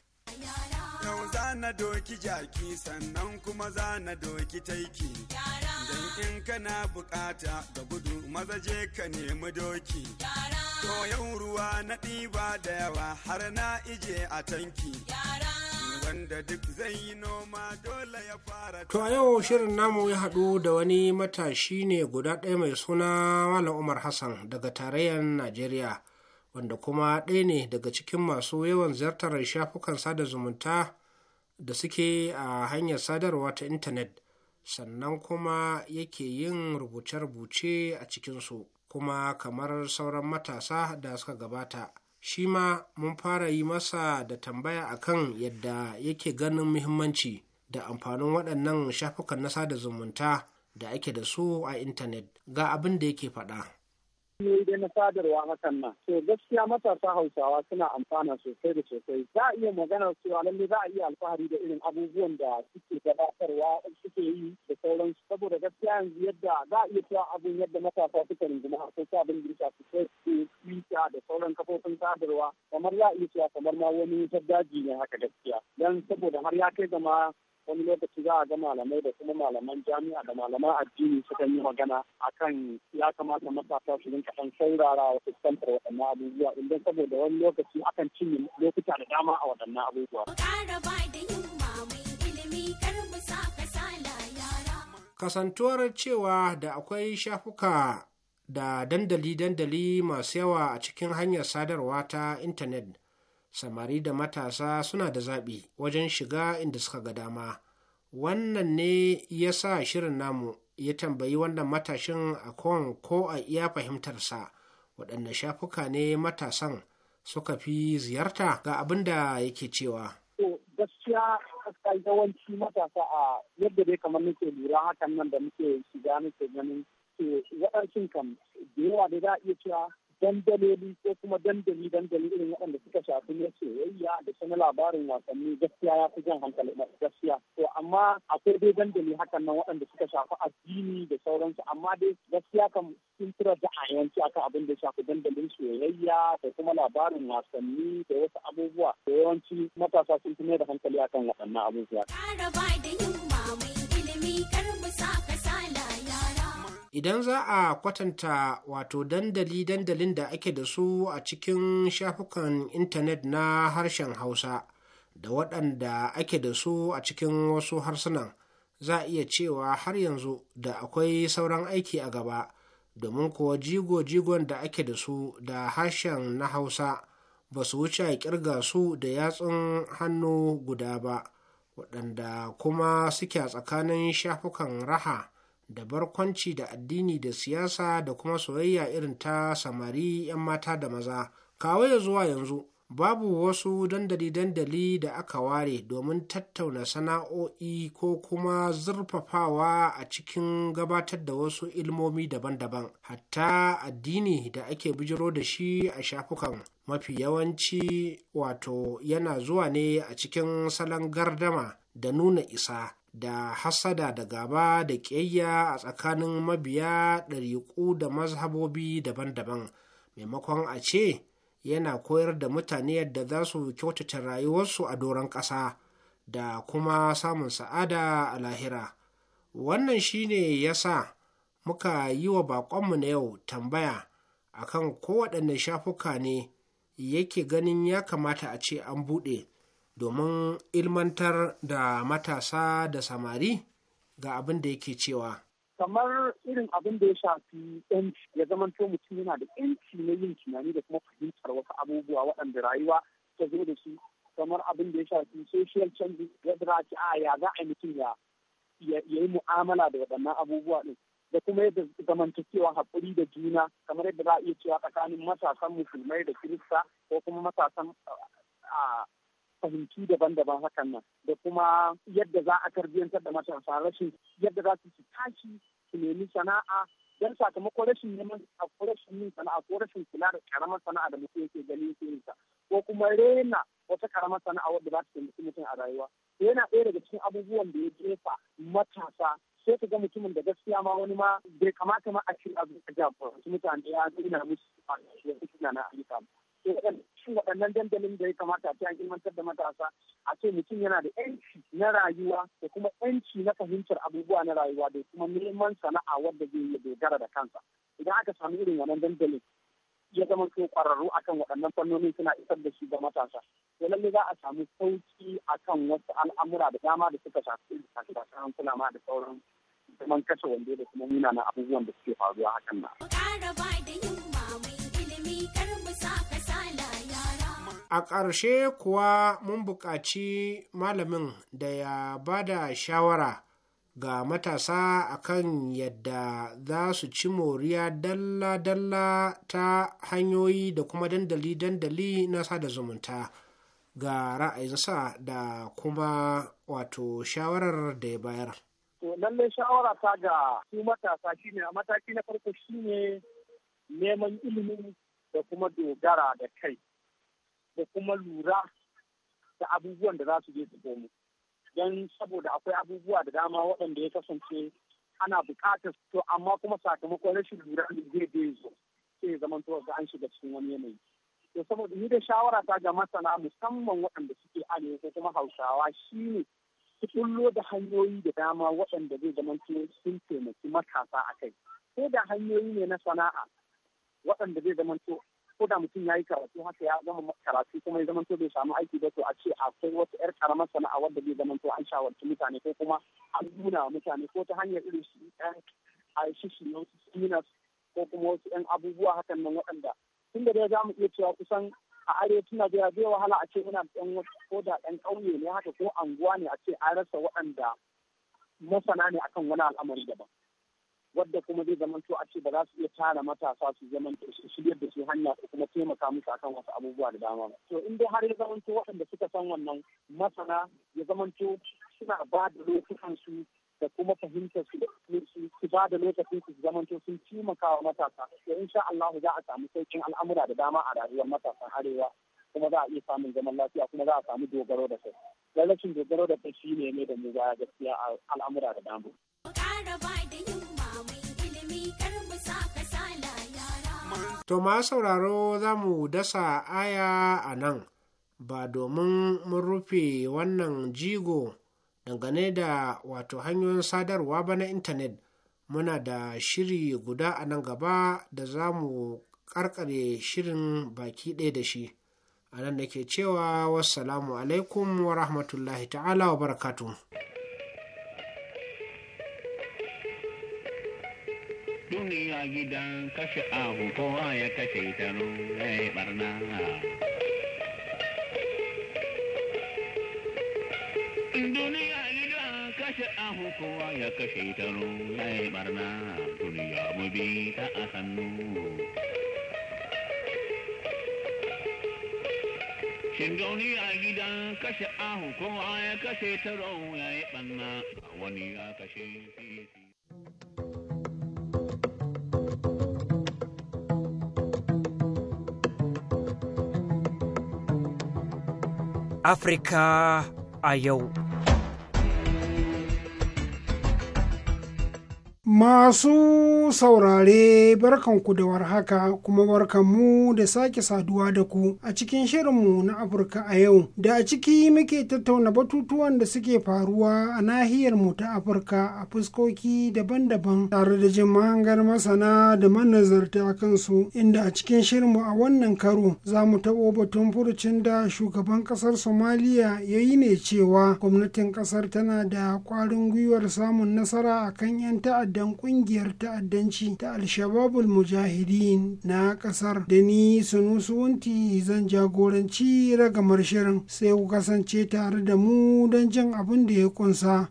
Yau zana na doki jaki sannan kuma za na doki taiki. Don in kana bukata ga gudu maza je ka nemi doki. To yau ruwa na ɗiba da yawa har na ije a tanki. zai yi noma dole ya fara to a yau shirin namu ya haɗu da wani matashi ne guda ɗaya mai suna malam umar hassan daga tarayyar najeriya wanda kuma ɗaya ne daga cikin masu yawan ziyartar shafukan sada zumunta da suke a hanyar sadarwa ta intanet sannan kuma yake yin rubuce-rubuce a cikinsu kuma kamar sauran matasa da suka gabata shi ma mun fara yi masa da tambaya akan yadda yake ganin muhimmanci da amfanin waɗannan shafukan na sada zumunta da ake da su a intanet ga abin da yake faɗa. hanyoyi dai na sadarwa hakan nan to gaskiya matasa hausawa suna amfana sosai da sosai za a iya magana cewa lalle za a iya alfahari da irin abubuwan da suke gabatarwa suke yi da sauransu saboda gaskiya yanzu yadda za a iya cewa abin yadda matasa suka a harkokin abin girka su sai da sauran kafofin sadarwa kamar za a iya cewa kamar ma wani wutar daji ne haka gaskiya dan saboda har ya kai gama wani lokaci za a ga malamai da kuma malaman jami'a da malaman addini sukan yi magana akan ya kamata matasa su rinka ɗan saurara wa fuskantar waɗannan abubuwa idan saboda wani lokaci akan cinye lokuta da dama a waɗannan abubuwa. Kasantuwar cewa da akwai shafuka da dandali-dandali masu yawa a cikin hanyar sadarwa ta intanet samari da matasa suna da zaɓi wajen shiga inda suka ga dama wannan ne ya sa shirin namu ya tambayi wannan matashin a kon ko a iya fahimtarsa waɗanne shafuka ne matasan suka fi ziyarta ga abin da yake cewa gaskiya yawanci matasa a yadda dai kamar nake lura hakan nan da muke shiga nake ganin waɗansu kam da yawa da za a iya cewa dandaloli ko kuma dandali dandali irin waɗanda suka shafi na soyayya da sanar labarin wasanni gaskiya ya fi jan hankali gaskiya to amma akwai dai dandali hakan nan waɗanda suka shafi addini da sauransu amma dai gaskiya kan sun tura da ayanci akan abin da shafi dandalin soyayya da kuma labarin wasanni da wasu abubuwa da yawanci matasa sun fi mai da hankali akan waɗannan abubuwa. Ƙara ba da yin ilimi kar mu saka idan za a kwatanta wato dandali dandalin da ake da su a cikin shafukan intanet na harshen hausa da waɗanda ake da su a cikin wasu harsunan za a iya cewa har yanzu da akwai sauran aiki a gaba domin kuwa jigo-jigon da ake da su da harshen na hausa ba su wuce a kirga su da yatsun hannu guda ba waɗanda kuma suke a tsakanin shafukan raha da barkwanci da addini da siyasa da kuma soyayya irin ta samari 'yan mata da maza kawai ya zuwa yanzu babu wasu dandali-dandali da aka ware domin tattauna sana'o'i ko kuma zurfafawa a cikin gabatar da wasu ilmomi daban-daban hatta addini da ake bijiro da shi a shafukan mafi yawanci wato yana zuwa ne a cikin salon gardama da nuna isa da hasada da gaba da ƙiyayya a tsakanin mabiya ɗariƙu da mazhabobi daban-daban maimakon a ce yana koyar da mutane yadda za su kyautata rayuwarsu a doron ƙasa da kuma samun sa'ada a lahira wannan shine ya sa muka yi wa baƙonmu na yau tambaya akan kowaɗanne shafuka ne yake ganin ya kamata a ce an buɗe domin ilmantar da matasa da samari ga abin da yake cewa. kamar irin abin da ya shafi yanci ya zama mutum yana da yanci na yin tunani da kuma fahimtar wasu abubuwa waɗanda rayuwa ta zo da su kamar abin da ya shafi social change zira za a ya za a mutum ya yi mu'amala da waɗannan abubuwa ɗin da kuma yadda zamantakewa haƙuri da juna kamar yadda za a iya cewa tsakanin matasan musulmai da kirista ko kuma matasan fahimci daban-daban hakan nan da kuma yadda za a tarbiyyantar da matasa rashin yadda za su ci tashi su nemi sana'a don sakamakon rashin neman a rashin yin sana'a ko rashin kula da karamar sana'a da mutum yake gani yake yin ko kuma rena wata karamar sana'a wadda za ta taimaki mutum a rayuwa yana ɗaya daga cikin abubuwan da ya jefa matasa sai ka ga mutumin da gaskiya ma wani ma bai kamata ma a cikin abin da jagoranci mutane ya nuna musu a cikin na ayyuka cikin waɗannan dandalin da ya kamata a cikin ilmantar da matasa a ce mutum yana da yanci na rayuwa da kuma yanci na fahimtar abubuwa na rayuwa da kuma neman sana'a wadda zai yi dogara da kansa idan aka samu irin wannan dandalin ya zama to kwararru akan waɗannan fannoni suna isar da shi ga matasa to lalle za a samu sauki akan wasu al'amura da dama da suka shafi kasashen kula ma da sauran zaman kashe wando da kuma munanan abubuwan da suke faruwa hakan na. Ƙara ba da yin ilimi a ƙarshe kuwa mun buƙaci malamin da ya ba da shawara ga matasa akan yadda za su ci moriya dalla-dalla ta hanyoyi da kuma dandali-dandali na sada zumunta ga ra'ayinsa da kuma wato shawarar da ya bayar. lallai shawara ta ga su matasa shine a mataki na farko shine neman ilimin da kuma dogara da kai da kuma lura da abubuwan da za su je su komo don saboda akwai abubuwa da dama waɗanda ya kasance ana buƙatar to amma kuma sakamakon rashin lura ne zai bai zo sai zaman to ga an shiga cikin wani yanayi to saboda ni da shawara ta ga masana musamman waɗanda suke arewa ko kuma hausawa shine su kullo da hanyoyi da dama waɗanda zai zama sun taimaki matasa a kai ko da hanyoyi ne na sana'a waɗanda zai zama ko da mutum ya yi karatu haka ya zama karatu kuma ya zamanto bai samu aiki ba to a ce akwai wata yar karamar sana'a wadda zai zamanto an shawarci mutane ko kuma an nuna mutane ko ta hanyar irin su ɗan a shi shi ko kuma wasu yan abubuwa hakan nan waɗanda tun da dai za mu iya cewa kusan a arewacin Najeriya zai wahala a ce muna yan ko da ɗan ƙauye ne haka ko anguwa ne a ce an rasa waɗanda masana ne akan wani al'amari daban. wadda kuma zai zamanto a ce ba za su iya tara matasa su zamanto su shigar da su hanya ko kuma taimaka musu akan wasu abubuwa da dama ba to in dai har ya zamanto waɗanda suka san wannan masana ya zamanto suna ba da lokutan su da kuma fahimtar su su ba da lokacin su zamanto sun taimaka wa matasa to insha Allah za a samu sauƙin al'amura da dama a rayuwar matasan arewa kuma za a iya samun zaman lafiya kuma za a samu dogaro da kai. Lallacin dogaro da kai shi ne ne da mu baya gaskiya al'amura da dama. To ma sauraro za mu dasa aya a nan, ba domin mun rufe wannan jigo dangane da wato hanyoyin sadarwa ba na intanet muna da shiri guda a nan gaba da za mu karkare shirin baki ɗaya da shi. A nan da ke cewa wassalamu alaikum wa rahmatullahi ta'ala wa barakatu. duniya gidan kashe ahu kowa ya kashe ta ya barna duniya gidan kashe ahu kowa ya kashe ta ya barna duniya mu bi ta a hannu Shin a gidan kashe ahu kowa ya kashe ta ya yi ɓanna wani ya kashe sisi. Afirka a yau. Masu saurare barkanku da warhaka kuma barkanmu da sake saduwa da ku a cikin shirinmu na Afirka a yau da a ciki muke tattauna batutuwan da suke faruwa a nahiyar mu ta Afirka a fuskoki daban-daban tare da jin mahangar masana da manazarta kansu inda a cikin shirinmu a wannan karo za mu taɓo batun furucin da shugaban ƙasar Somaliya ya yi ne cewa gwamnatin ƙasar tana da ƙwarin gwiwar samun nasara akan 'yan ta'addan kungiyar ta'addanci ta alshababul mujahidin na kasar da ni sunusuwunti zan jagoranci ragamar shirin sai ku kasance tare da mu don jin abin da ya kunsa.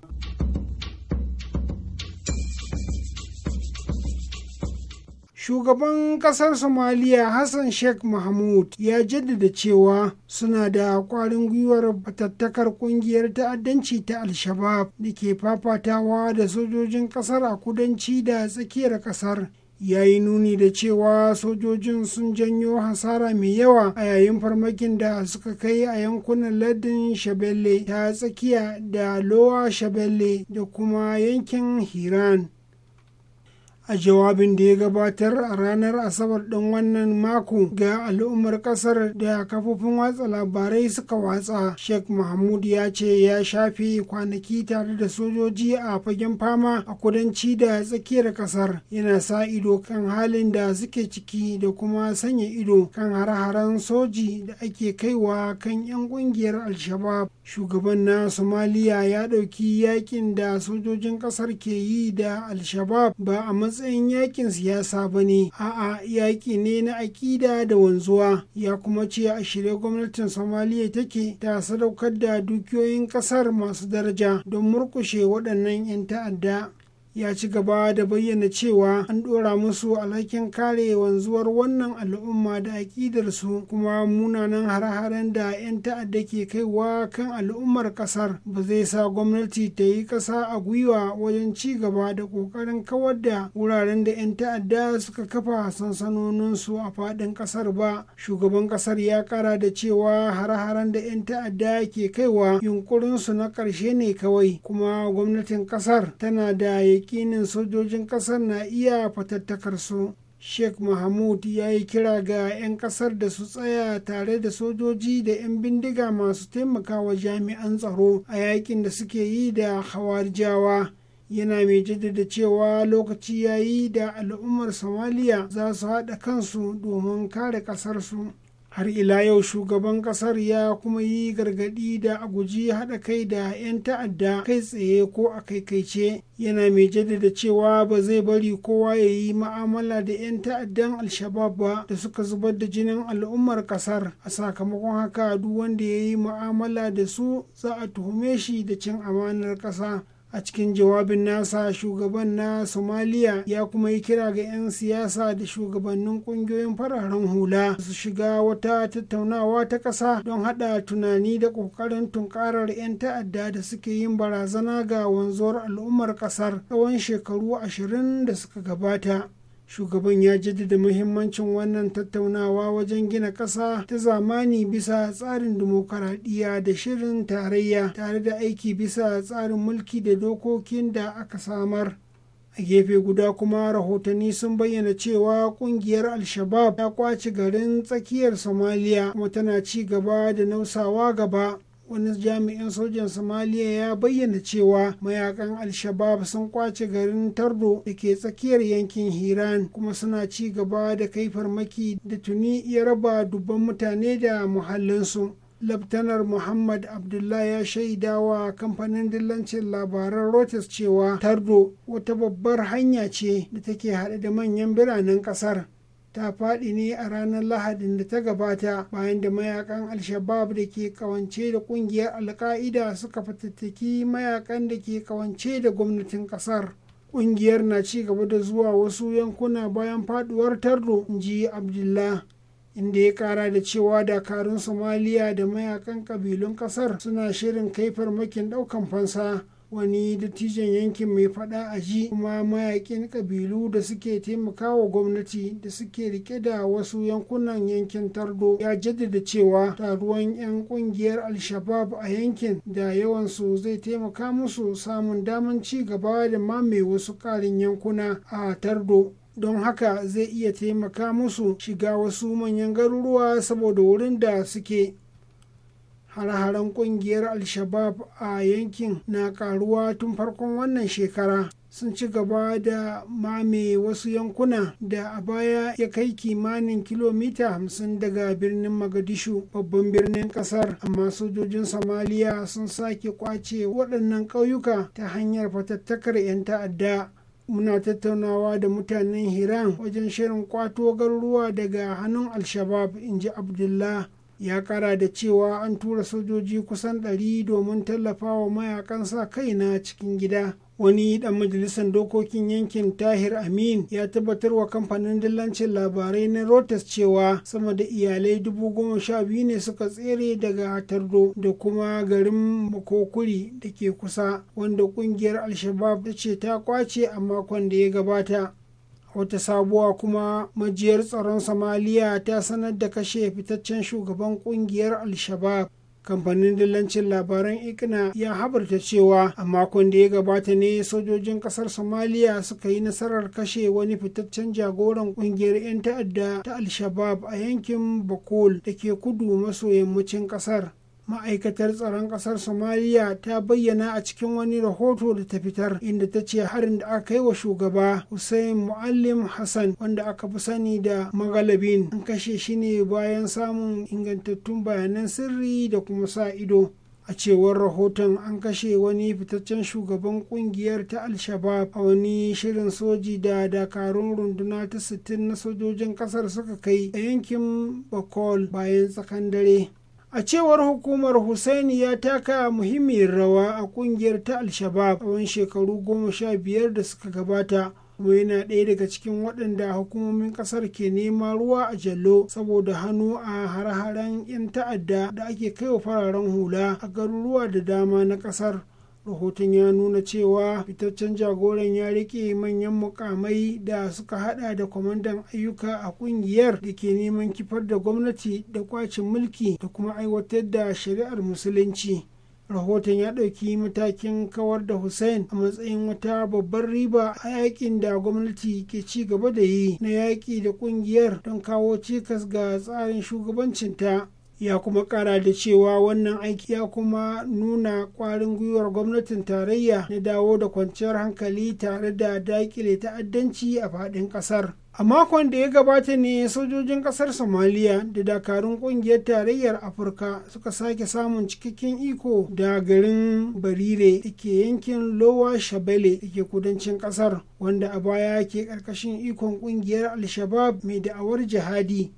shugaban kasar somaliya hassan sheikh mahmud ya jaddada cewa suna da kwarin gwiwar fatattakar kungiyar ta'addanci ta al-shabab da ke fafatawa da sojojin kasar a kudanci da tsakiyar kasar ya yi nuni da cewa sojojin sun janyo hasara mai yawa a yayin farmakin da suka kai a yankunan ladin shabelle ta tsakiya da lowa shabelle da kuma yankin hiran a jawabin da ya gabatar a ranar asabar ɗin wannan mako ga al'ummar ƙasar da kafofin watsa labarai suka watsa sheikh mahmud ya ce ya shafe kwanaki tare da sojoji a fagen fama a kudanci da tsakiyar ƙasar yana sa ido kan halin da suke ciki da kuma sanya ido kan har haren soji da ake kaiwa kan 'yan ƙungiyar al shugaban na somaliya ya ɗauki yakin da sojojin ƙasar ke yi da al ba a matsayin matsayin yakin siyasa ba ne a'a yaƙi ne na aƙida da wanzuwa ya kuma ce a shirye gwamnatin somaliya take ta sadaukar da dukiyoyin ƙasar masu daraja don murkushe waɗannan 'yan ta'adda ya ci gaba da bayyana cewa an ɗora musu alhakin kare wanzuwar wannan al'umma da aƙidarsu kuma munanan har haren da 'yan ta'adda ke kaiwa kan al'ummar ƙasar ba zai sa gwamnati ta yi ƙasa a gwiwa wajen ci gaba da ƙoƙarin kawar da wuraren da 'yan ta'adda suka kafa sansanoninsu a faɗin ƙasar ba shugaban ƙasar ya ƙara da cewa har haren da 'yan ta'adda ke kaiwa yunƙurinsu na ƙarshe ne kawai kuma gwamnatin ƙasar tana da yakinin sojojin kasar na iya fatattakar su sheikh mahmud ya yi kira ga 'yan kasar da su tsaya tare da sojoji da 'yan bindiga masu taimakawa jami'an tsaro a yakin da suke yi da hawarjawa yana mai jaddada cewa lokaci ya da al'ummar somaliya za su haɗa kansu domin kare ƙasarsu har ila yau shugaban kasar ya kuma yi gargadi da a guji haɗa kai da 'yan ta'adda kai tsaye ko a kaikaice yana mai jaddada cewa ba zai bari kowa ya yi ma'amala da 'yan ta'addan alshabab ba da suka zubar da jinin al'ummar kasar a sakamakon haka duk wanda ya yi ma'amala da su za a tuhume shi da cin amanar ƙasa a cikin jawabin nasa shugaban na somaliya ya kuma yi kira ga 'yan siyasa da shugabannin kungiyoyin fararen hula su shiga wata tattaunawa ta ƙasa don haɗa tunani da ƙoƙarin tunkarar 'yan ta'adda da suke yin barazana ga wanzuwar al'ummar ƙasar tsawon shekaru ashirin da suka gabata shugaban ya jaddada muhimmancin wannan tattaunawa wajen gina ƙasa ta zamani bisa tsarin dimokuraɗiyya da shirin tarayya tare da aiki bisa tsarin mulki da dokokin da aka samar a gefe guda kuma rahotanni sun bayyana cewa kungiyar al-shabab ta kwaci garin tsakiyar somaliya kuma tana ci gaba da nausawa gaba wani jami'in sojan somaliya ya bayyana cewa mayakan al-shabab sun kwace garin tardo da ke tsakiyar yankin hiran kuma suna ci gaba da kai farmaki da tuni ya raba dubban mutane da muhallinsu Laftanar Muhammad Abdullah ya shaida wa kamfanin dillancin labaran Reuters cewa Tardo wata babbar hanya ce da take haɗe da manyan biranen ƙasar ta faɗi ne a ranar lahadin da ta gabata bayan da mayakan al-shabab da ke kawance da kungiyar alka'ida suka fatattaki mayakan da ke kawance da gwamnatin kasar kungiyar na ci gaba da zuwa wasu yankuna bayan faduwar tardo ji abdullah inda ya kara da cewa dakarun somaliya da mayakan kabilun kasar suna shirin kai farmakin daukan fansa wani dattijan yankin mai fada a ji kuma mayakin kabilu da suke taimakawa gwamnati da suke rike da wasu yankunan yankin tardo ya jaddada cewa taruwan 'yan kungiyar alshabab a yankin da yawansu zai taimaka musu samun daman ci gaba da mame wasu karin yankuna a tardo don haka zai iya taimaka musu shiga wasu manyan garuruwa saboda wurin da suke hare-haren kungiyar al-shabab a yankin na karuwa tun farkon wannan shekara sun ci gaba da mame wasu yankuna da a baya ya kai kimanin kilomita 50 daga birnin magadishu babban birnin kasar amma sojojin somaliya sun sake kwace waɗannan ƙauyuka ta hanyar fatattakar 'yan ta'adda muna tattaunawa da mutanen hiran wajen shirin kwato garuruwa daga hannun al-shabab in ji abdullah ya kara da cewa an tura sojoji kusan ɗari domin tallafawa mayakan sa kai na cikin gida wani dan majalisar dokokin yankin tahir amin ya tabbatar wa kamfanin dillancin labarai na rotas cewa sama da iyalai dubu goma sha biyu ne suka tsere daga tardo da kuma garin makokuri da ke kusa wanda kungiyar al ta ce ta kwace a makon da ya gabata wata sabuwa kuma majiyar tsaron somaliya ta sanar da kashe fitaccen shugaban kungiyar al-shabab kamfanin dillancin labaran ikna ya habarta cewa a makon da ya gabata ne sojojin kasar somaliya suka yi nasarar kashe wani fitaccen jagoran kungiyar 'yan ta'adda ta al-shabab a yankin bakol da ke kudu maso yammacin kasar ma'aikatar tsaron ƙasar somaliya ta bayyana a cikin wani rahoto da ta fitar inda ta ce harin da aka yi wa shugaba hussein muallim hassan wanda aka fi sani da magalabin an kashe shi ne bayan samun ingantattun bayanan sirri da kuma sa ido a cewar rahoton an kashe wani fitaccen shugaban kungiyar ta al-shabab a wani shirin soji da dakarun runduna ta 60 na sojojin kasar suka kai a yankin bakol bayan tsakan dare a cewar hukumar Hussaini ya taka muhimmiyar rawa a kungiyar ta al-shabab tsawon shekaru goma sha biyar da suka gabata kuma yana ɗaya daga cikin waɗanda hukumomin ƙasar ke nema ruwa a jallo saboda hannu a har-haren 'yan ta'adda da ake kaiwa fararen hula a garuruwa da dama na ƙasar rahoton ya nuna cewa fitaccen jagoran ya rike manyan mukamai da suka hada da kwamandan ayyuka a kungiyar da ke neman kifar da gwamnati da kwacin mulki da kuma aiwatar da shari'ar musulunci rahoton ya ɗauki matakin kawar da hussein a matsayin wata babbar riba a yakin da gwamnati ke ci gaba da yi na yaƙi da ƙungiyar don kawo cikas ga tsarin shugabancinta ya kuma kara da cewa wannan aiki ya kuma nuna kwarin gwiwar gwamnatin tarayya na dawo da kwanciyar hankali tare da dakile ta'addanci a faɗin ƙasar a makon da ya gabata ne sojojin ƙasar somaliya da dakarun ƙungiyar tarayyar afirka suka sake samun cikakken iko da garin barire da ke yankin lowa shabele da ke kudancin ƙasar, wanda a baya ke ƙarƙashin ikon ƙungiyar al-shabab mai da'awar jihadi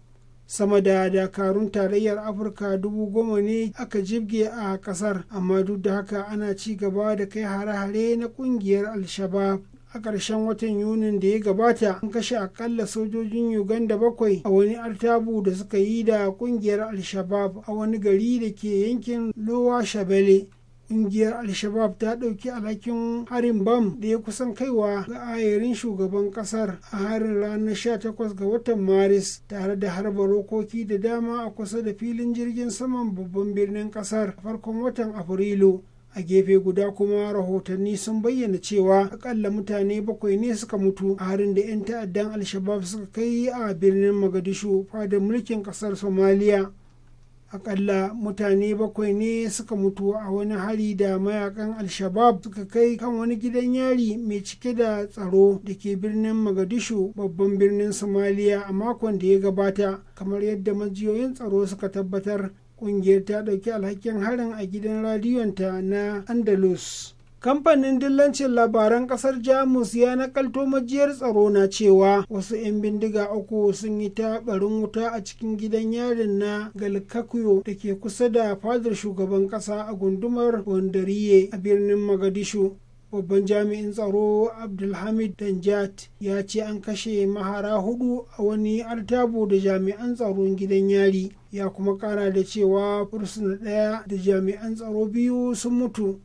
sama da dakarun tarayyar afirka dubu goma ne aka jibge a kasar amma duk da haka ana ci gaba da kai hare-hare na kungiyar al-shabab a ƙarshen watan yunin da ya gabata an kashe akalla sojojin uganda bakwai a wani artabu da suka yi da kungiyar al-shabab a wani gari da ke yankin lowa shabele ƙungiyar al-shabab ta ɗauki alhakin harin bam da ya kusan kaiwa ga ayarin shugaban ƙasar a harin ranar 18 ga watan maris tare da harba rokoki da dama a kusa da filin jirgin saman babban birnin ƙasar a farkon watan afrilu a gefe guda kuma rahotanni sun bayyana cewa akalla mutane bakwai ne suka mutu a harin da 'yan ta'addan al-shabab suka kai a birnin magadishu fadar mulkin kasar somaliya akalla mutane bakwai ne suka mutu a wani hari da mayakan al-shabab suka kai kan wani gidan yari mai cike da tsaro da ke birnin magadishu babban birnin somaliya a makon da ya gabata kamar yadda majiyoyin tsaro suka tabbatar kungiyar ta ɗauki alhakin harin a gidan radiyonta na andalus kamfanin dillancin labaran kasar jamus ya nakalto majiyar tsaro na cewa wasu 'yan bindiga uku sun yi ta barin wuta a cikin gidan yarin na galkakuyo da ke kusa da fadar shugaban kasa a gundumar gondariye a birnin magadishu babban jami'in tsaro abdulhamid danjat ya ce an kashe mahara hudu a wani artabo da jami'an tsaron gidan yari ya kuma kara da cewa fursuna daya da jami'an tsaro biyu sun mutu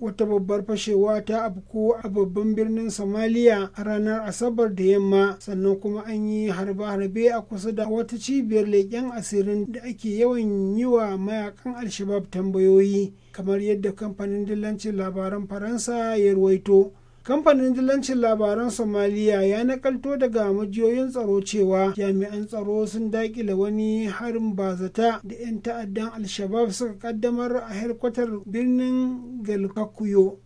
wata babbar fashewa ta afko a babban birnin somaliya a ranar asabar da yamma sannan kuma an yi harbe-harbe a kusa da wata cibiyar leƙen asirin da ake yawan yi wa mayakan alshabab tambayoyi kamar yadda kamfanin dillancin labaran faransa ya ruwaito kamfanin dillancin labaran somaliya ya nakalto daga majiyoyin tsaro cewa jami'an tsaro sun dakile wani harin bazata da 'yan ta'addan al-shabab suka kaddamar a harkwatar birnin galkakuyo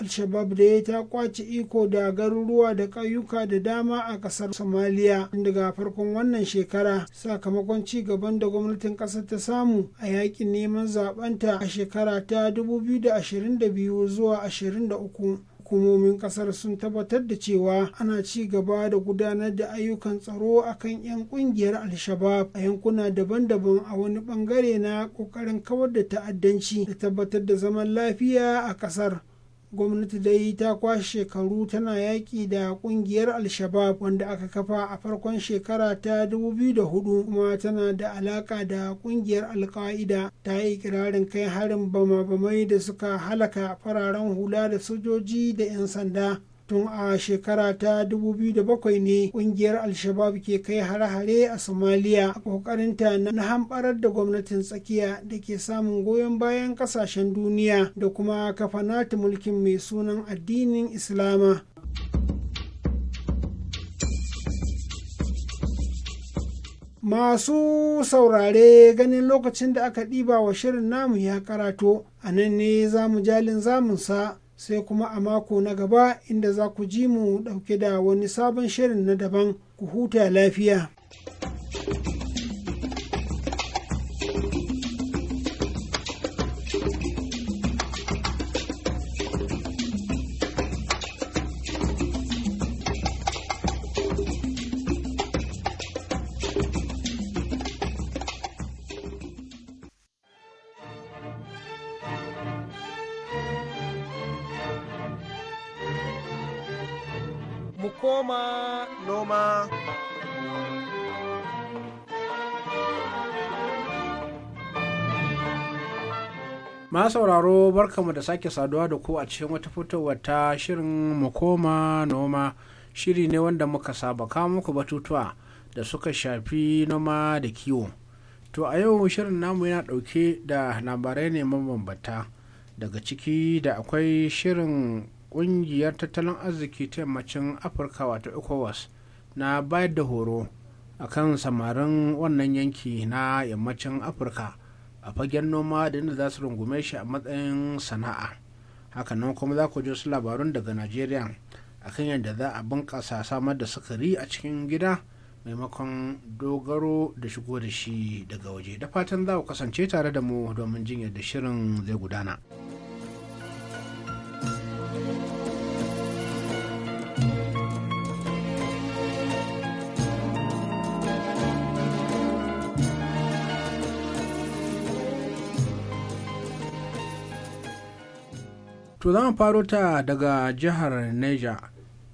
al-shabab da ta kwace iko da garuruwa da ƙauyuka da dama a ƙasar somaliya daga farkon wannan shekara sakamakon ci gaban da gwamnatin ƙasar ta samu a yakin neman zaɓenta a shekara ta 2022 zuwa 23 hukumomin kasar sun tabbatar da cewa ana ci gaba da gudanar da ayyukan tsaro akan 'yan kungiyar al-shabab a yankuna daban-daban a wani bangare na kokarin kawar da ta'addanci da tabbatar da zaman lafiya a kasar gwamnati dai ta kwashe shekaru tana yaƙi da ƙungiyar al-shabab wanda aka kafa a farkon shekara ta 2004 kuma tana da alaƙa da ƙungiyar al-qaida ta yi ƙirarin kai harin bama-bamai da suka halaka fararen hula da sojoji da 'yan sanda tun a shekara ta 2007 ne kungiyar al-shabab ke kai hare-hare a somaliya a kokarinta na hamɓarar da gwamnatin tsakiya da ke samun goyon bayan kasashen duniya da kuma kafa nata mulkin mai sunan addinin islama masu saurare ganin lokacin da aka ɗiba wa shirin namu ya karato a nan ne zamu jalin zamunsa sai kuma a mako na gaba inda za ku ji mu ɗauke da wani sabon shirin na daban ku huta lafiya. masu sauraro barkamu da sake saduwa da ku a cikin wata fitowar ta shirin mu koma noma shiri ne wanda muka saba kawo muku batutuwa da suka shafi noma da kiwo to a yau shirin namu yana dauke da labarai ne mabambanta daga ciki da akwai shirin kungiyar tattalin arziki ta yammacin afirka wato ecowas na bayar da horo akan samarin wannan yanki na yammacin afirka a fagen noma da inda za su rungume shi a matsayin sana'a hakanan kuma za ku ji wasu labarun daga najeriya akan yadda za a bunƙasa samar da sukari a cikin gida maimakon dogaro da shigo da shi daga waje da fatan za ku kasance tare da mu domin jin yadda shirin zai gudana. to za mu faro ta daga jihar niger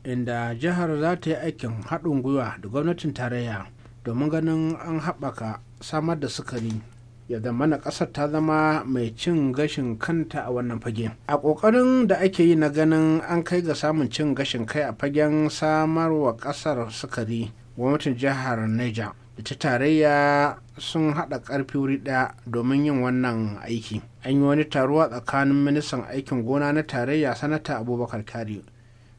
inda jihar za ta yi aikin haɗin gwiwa da gwamnatin tarayya domin ganin an haɓaka samar da sukari ya zama na ƙasar ta zama mai cin gashin kanta a wannan fage a ƙoƙarin da ake yi na ganin an kai ga samun cin gashin kai a fagen samarwa ƙasar sukari gwamnatin jihar niger ta tarayya sun haɗa ƙarfi wuri ɗaya domin yin wannan aiki an yi wani taruwa tsakanin ministan aikin gona na tarayya sanata abubakar kari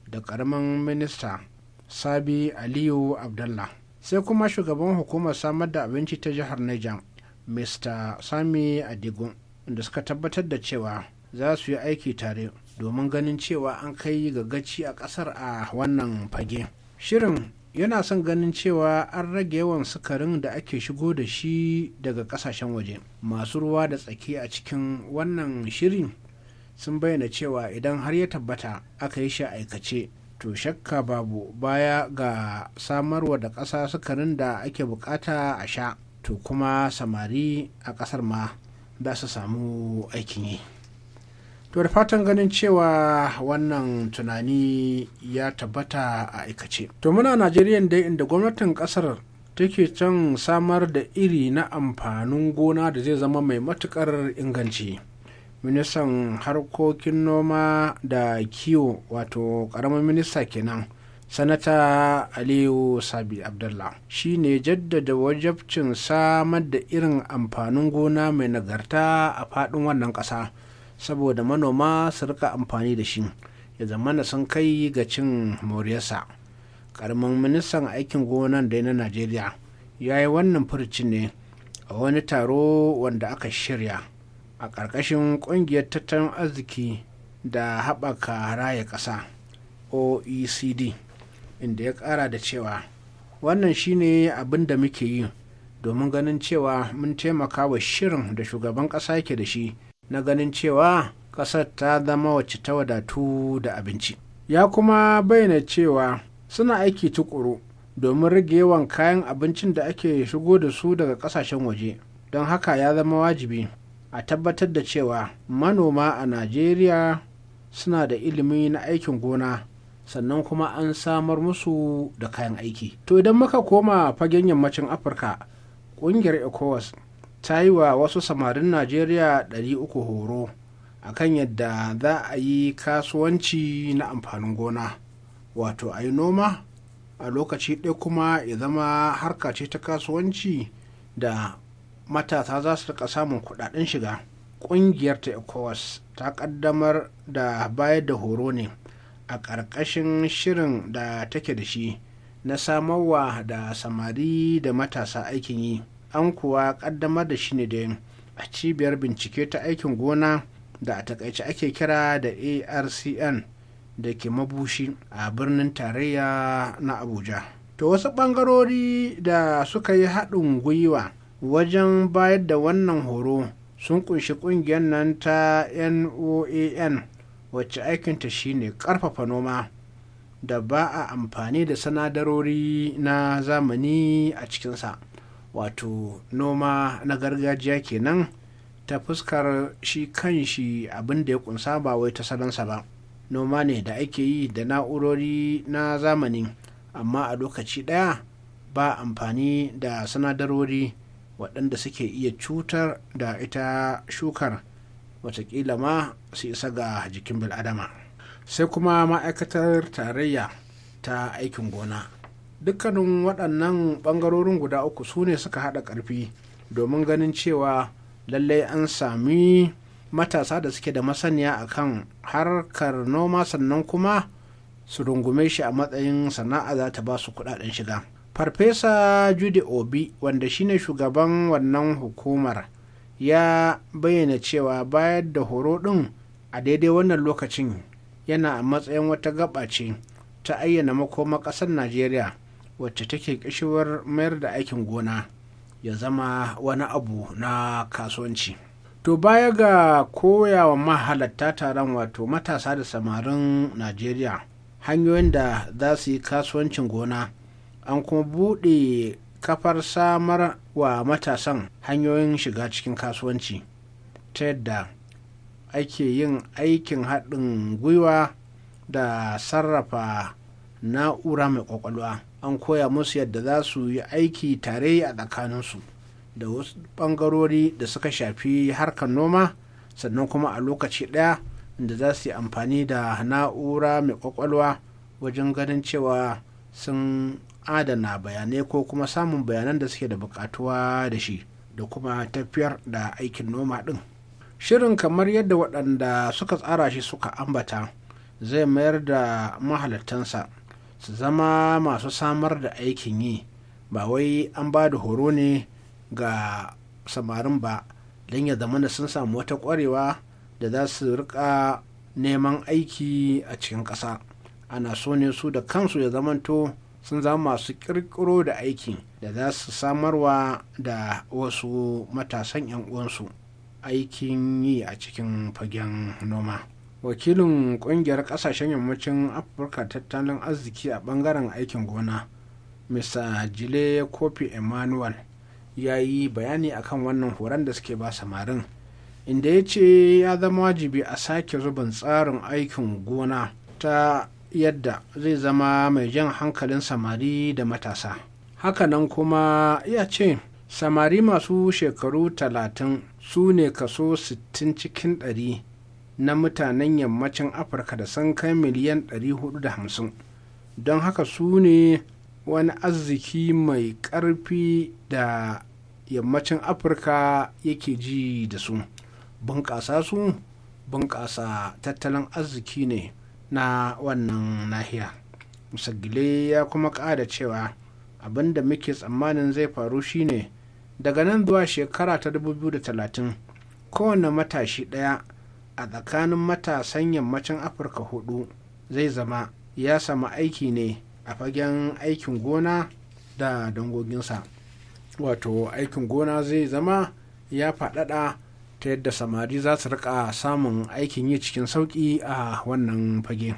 da ƙaramin minista sabi aliyu abdullah sai kuma shugaban hukumar samar da abinci ta jihar niger mr sami adigun da suka tabbatar da cewa za su yi aiki tare domin ganin cewa an kai gagaci a ƙasar a wannan fage shirin yana son ganin cewa an rage yawan sukarin da ake shigo da shi daga kasashen waje masu ruwa da tsaki a cikin wannan shirin sun bayyana cewa idan har ya tabbata aka yi shi aikace to shakka babu baya ga samarwa da ƙasa sukarin da ake bukata a sha to kuma samari a ƙasar ma za su samu aikin yi. to da fatan ganin cewa wannan tunani ya tabbata a aikace to muna najeriya da inda gwamnatin kasar take can samar da iri na amfanin gona da zai zama mai matukar inganci ministan harkokin noma da kiwo wato karamin minista kenan sanata aliyu sabi abdullah shi ne jaddada wajabcin samar da irin amfanin gona mai nagarta a faɗin wannan ƙasa saboda manoma su rika amfani da shi ya zamana sun kai ga cin moriyarsa karamin ministan aikin gonan da na najeriya ya yi wannan furci ne a wani taro wanda aka shirya a ƙarƙashin ƙungiyar tattalin arziki da haɓaka raya ƙasa oecd inda ya ƙara da cewa wannan shine abin da muke yi domin ganin cewa mun taimaka wa shirin da shugaban ƙasa yake da shi na ganin cewa ƙasar ta zama wacce ta wadatu da abinci ya kuma bayyana cewa suna aiki tukuru domin rage yawan kayan abincin da ake shigo da su daga ƙasashen waje don haka ya zama wajibi a tabbatar da cewa manoma a najeriya suna da ilimi na aikin gona sannan kuma an samar musu da kayan aiki to idan muka koma fagen yammacin afirka ƙungiyar ecowas ta yi wa wasu samarin najeriya 300 horo a kan yadda za a yi kasuwanci na amfanin gona wato a noma a lokaci ɗaya kuma ya zama harka ce ta kasuwanci da matasa za su rika samun kuɗaɗen shiga ƙungiyar ta ecowas ta ƙaddamar da bayar da horo ne a ƙarƙashin shirin da take da shi na samarwa da samari da matasa aikin yi an kuwa ƙaddamar da shi ne da a cibiyar bincike ta aikin gona da a takaice ake kira da arcn da ke mabushi a birnin tarayya na abuja to wasu ɓangarori da suka yi haɗin gwiwa wajen bayar da wannan horo sun kunshi ƙungiyar nan ta noan wacce aikinta shine ƙarfafa noma da ba a amfani da sanadarori na zamani a cikinsa wato noma na gargajiya kenan ta fuskar shi kan shi abin da ya kunsa ba wai ta salansa ba noma ne da ake yi da na'urori na zamani amma a lokaci ɗaya ba amfani da sanadarori waɗanda suke iya cutar da ita shukar watakila ma su isa ga jikin bil'adama sai kuma ma'aikatar tarayya ta aikin gona dukkanin waɗannan ɓangarorin guda uku su ne suka haɗa ƙarfi domin ganin cewa lallai an sami matasa da suke da masaniya a kan harkar noma sannan kuma su rungume shi a matsayin sana'a za ta ba su kudaden shiga. Farfesa Jude Obi wanda shine shugaban wannan hukumar ya bayyana cewa bayar da horo ɗin a daidai wannan lokacin yana a matsayin wata gaba ce ta ayyana makoma ƙasar Najeriya wacce take kashewar mayar da aikin gona ya zama wani abu na kasuwanci to baya ga koyawa mahalatta taron wato matasa da samarin najeriya hanyoyin da za su yi kasuwancin gona an kuma buɗe kafar samar wa matasan hanyoyin shiga cikin kasuwanci ta yadda ake yin aikin haɗin gwiwa da sarrafa na'ura mai ƙwaƙwalwa an koya musu yadda za su yi aiki tare a tsakaninsu da wasu bangarori da suka shafi harkar noma sannan kuma a lokaci ɗaya da za su yi amfani da na'ura mai kwakwalwa wajen ganin cewa sun adana bayanai ko kuma samun bayanan da suke da bukatuwa da shi da kuma tafiyar da aikin noma ɗin shirin kamar yadda waɗanda suka tsara shi suka ambata zai mayar da mahalattansa su zama masu samar da aikin yi ba wai an ba da horo ne ga samarin ba don ya zama da sun samu wata ƙwarewa da za su rika neman aiki a cikin ƙasa ana so ne su da kansu ya zamanto sun zama masu ƙirƙiro da aikin da za su samarwa da wasu matasan 'yan uwansu aikin yi a cikin fagen noma. wakilin kungiyar kasashen yammacin afirka tattalin arziki a bangaren aikin gona mr jile kofi emmanuel ya yi bayani akan wannan horon da suke ba samarin inda ya ce ya zama wajibi a sake zubin tsarin aikin gona ta yadda zai zama mai jan hankalin samari da matasa hakanan kuma ya ce samari masu shekaru talatin su ne kaso 60 cikin ɗari. na mutanen yammacin afirka da sun kai miliyan 450 don haka su ne wani arziki mai ƙarfi da yammacin afirka yake ji da su bunƙasa su bunƙasa tattalin arziki ne na wannan nahiya musagile ya kuma ƙada cewa abin da muke tsammanin zai faru shine daga nan zuwa shekara ta 2030 kowane matashi ɗaya a tsakanin matasan yammacin afirka hudu zai zama ya sama aiki ne a fagen aikin gona da dangoginsa wato aikin gona zai zama ya faɗaɗa ta yadda samari za su rika samun aikin yi cikin sauƙi a wannan fage.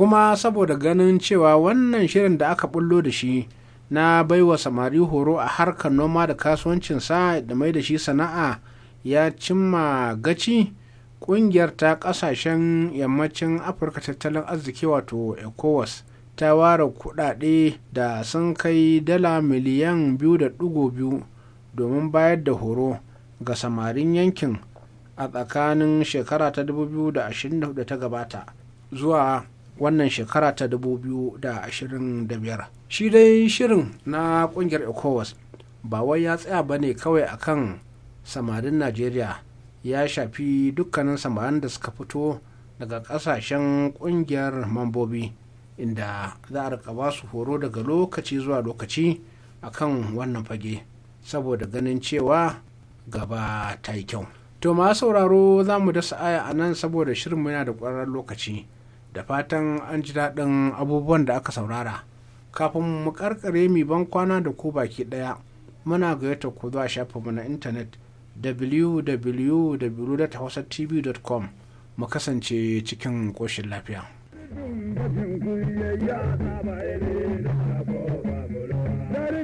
kuma saboda ganin cewa wannan shirin da aka bullo da shi na baiwa samari horo a harkar noma da kasuwancinsa da mai da shi sana'a ya cimma gaci kungiyar ta kasashen yammacin afirka tattalin arziki wato ecowas ta ware kudade da sun kai dala miliyan 2.2 domin bayar da horo ga samarin yankin a tsakanin shekara ta 2024 ta gabata zuwa wannan shekara ta 2025 shi dai shirin na kungiyar ecowas ba wai ya tsaya ba ne kawai akan samarin najeriya ya shafi dukkanin samarin da suka fito daga kasashen kungiyar mambobi inda za a rika ba su horo daga lokaci zuwa lokaci akan wannan fage saboda ganin cewa gaba ta yi kyau to ma sauraro za mu dasa aya a nan saboda shirin muna da ƙwararren lokaci da fatan an ji daɗin abubuwan da aka saurara kafin mu karkare mi ban kwana da ku baki ɗaya muna gayyata ku zuwa shafinmu na intanet www.hausatv.com mu kasance cikin ƙoshin lafiya.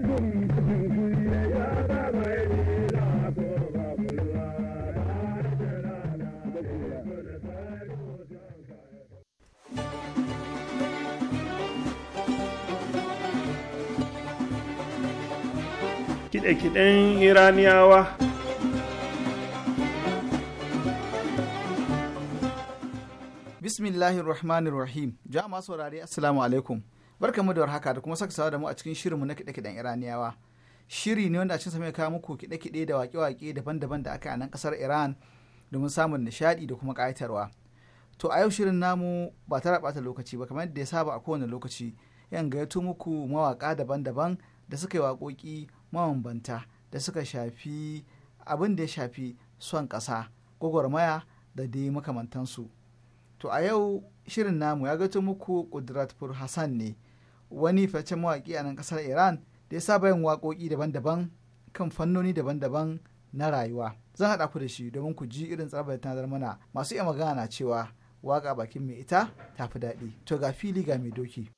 dum kiɗe-kiɗen iraniyawa bismillahir rahmanir rahim jama'a saurari assalamu alaikum barkamu da warhaka da kuma saka da mu a cikin shirinmu na kiɗe-kiɗen iraniyawa shiri ne wanda a cikin sa mai kawo muku kiɗe-kiɗe da waƙe-waƙe daban-daban da aka yi a nan ƙasar iran domin samun nishaɗi da kuma ƙayatarwa to a yau shirin namu ba tara ɓata lokaci ba kamar yadda ya saba a kowane lokaci yan gayyato muku mawaƙa daban-daban da suka yi waƙoƙi mabambanta da suka shafi abin da ya shafi son ƙasa gwagwarmaya da dai makamantansu to a yau shirin namu ya gato muku kudratpur hassan ne wani facen mawaƙi a nan ƙasar iran da ya saba yin waƙoƙi daban-daban kan fannoni daban-daban na rayuwa zan haɗa ku da shi domin ku ji irin tsarabar ta mana masu iya magana cewa waƙa bakin mai ita ta fi daɗi to ga fili ga mai doki.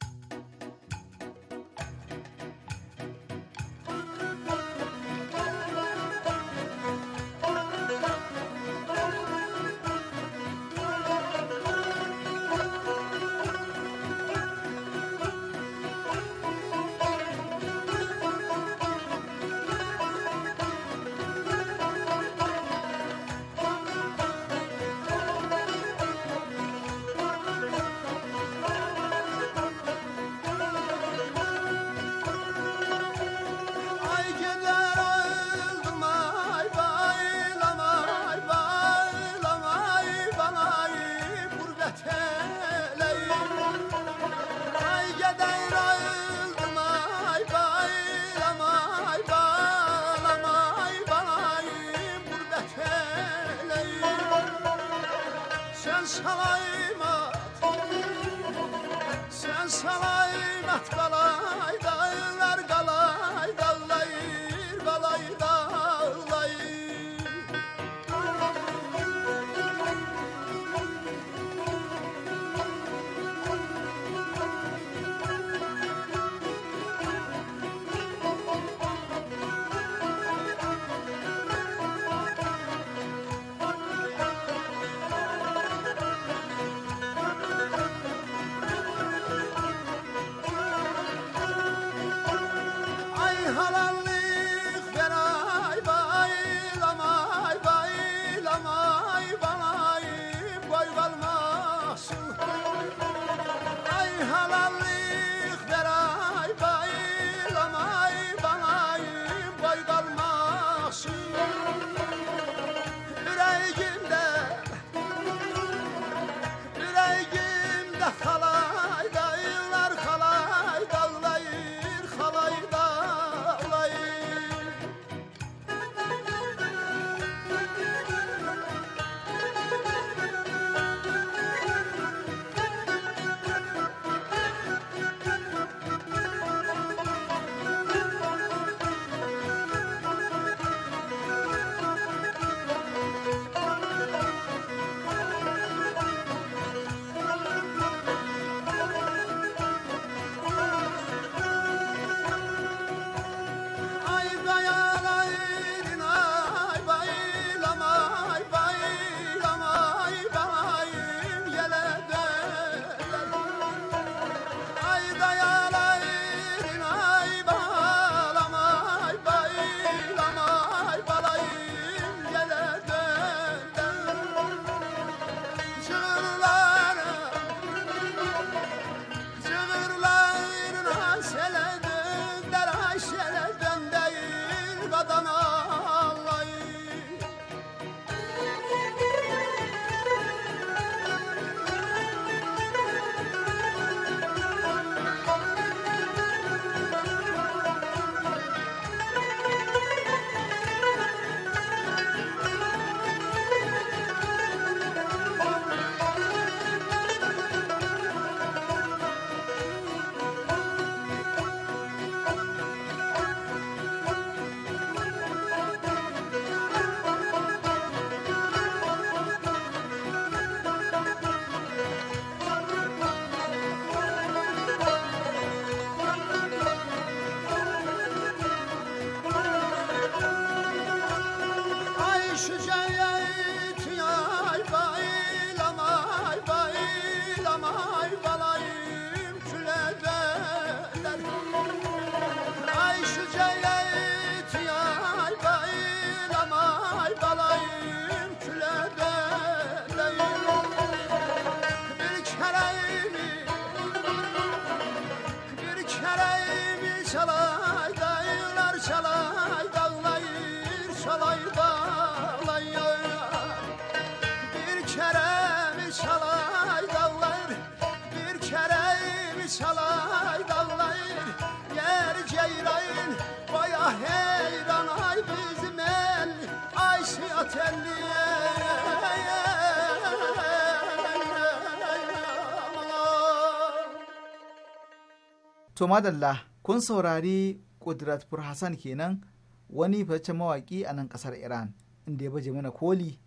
To madalla kun saurari Kudrat Furhasan kenan wani fitaccen mawaƙi a nan ƙasar Iran inda ya baje mana koli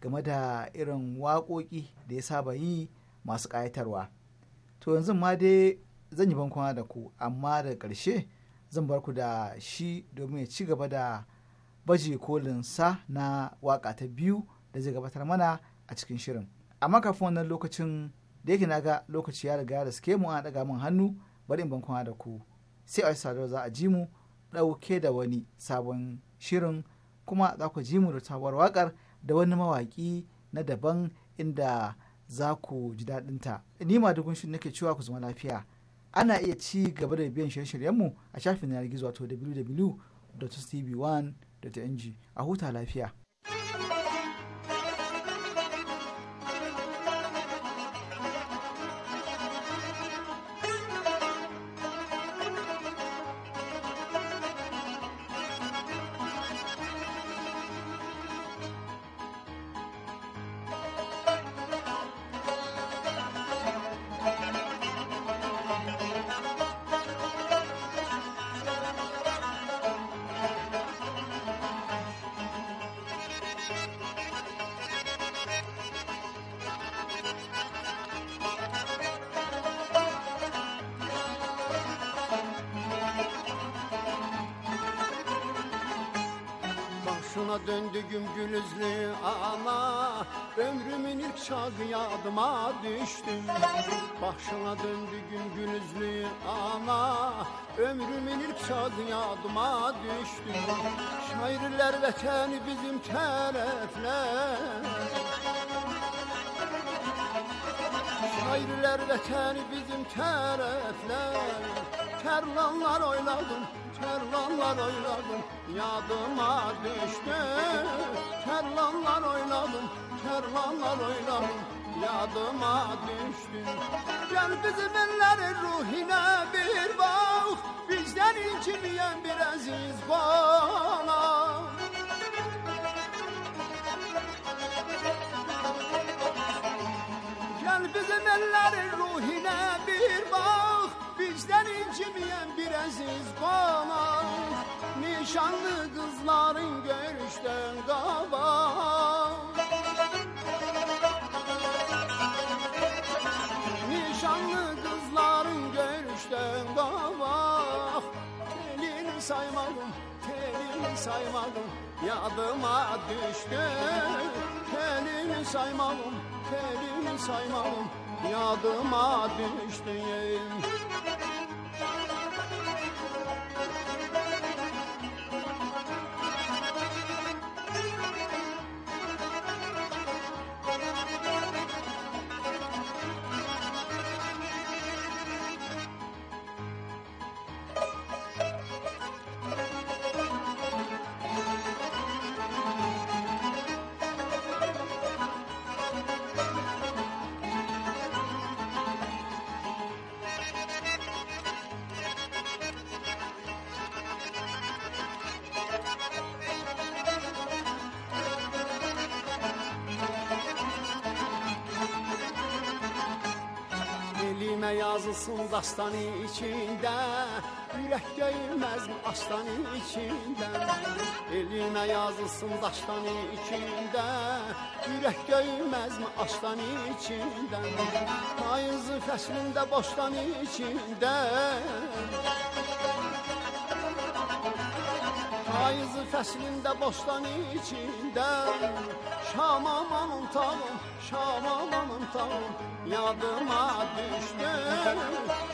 game da irin waƙoƙi da ya saba yi masu ƙayatarwa. To yanzu ma dai zan yi bankwana da ku amma daga ƙarshe zan bar ku da shi domin ya ci gaba da baje sa na waka ta biyu da zai gabatar mana a cikin shirin a makafin wannan lokacin da yake naga lokaci ya riga da suke mu ana daga min hannu bari in ban kwana da ku sai a sadar za a ji mu dauke da wani sabon shirin kuma za ku ji mu da sabuwar wakar da wani mawaƙi na daban inda za ku ji ta ni ma dukun shi nake cewa ku zama lafiya ana iya ci gaba da biyan shirye-shiryenmu a shafin yanar gizo wato www.tv1 da ta inji a huta lafiya. Eller vətəni bizim tərəflər Şairlər vətəni bizim tərəflər Tərlanlar oyladım, tərlanlar oyladım Yadıma düştü, Tərlanlar oyladım, tərlanlar oyladım yadıma düştün Gel bizim ellerin ruhine bir bak bizden için yiyen bir aziz bana Gel bizim ellerin ruhine bir bak bizden için yiyen bir aziz bana Nişanlı kızların görüşten kaba saymadım, telini saymadım, yadıma düştü. Telini saymadım, telini saymadım, yadıma düştü. Qalsın dastanı içində Ürək döyməz aşdanı içində Elinə yazılsın daşdanı içində Ürək döyməz aşdanı içində Payızı fəslində boşdanı içində Payızı fəslində boşdanı içində Şamamanın tağım, şamamanın tağım yadıma düştü,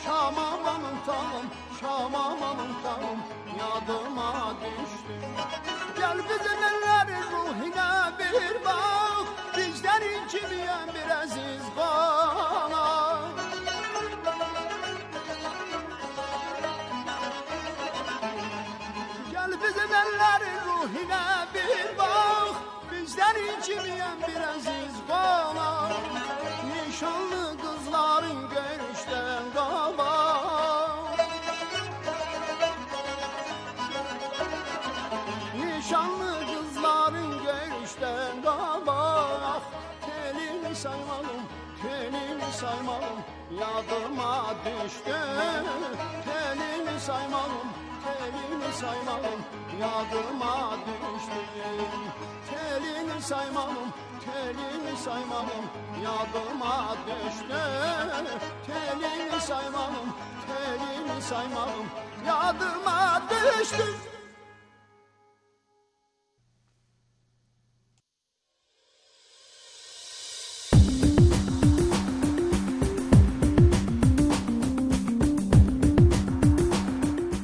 Şam amanın tanım, Şam amanın tanım yadıma düştü. Gel bizim eller ruhine bir bak Bizlerin kimiyen bir aziz saymalım Yadıma düştü Telimi saymalım Telini saymalım Yadıma düştü Telini saymalım Telini saymalım Yadıma düştü Telini saymalım Telini saymalım Yadıma düştü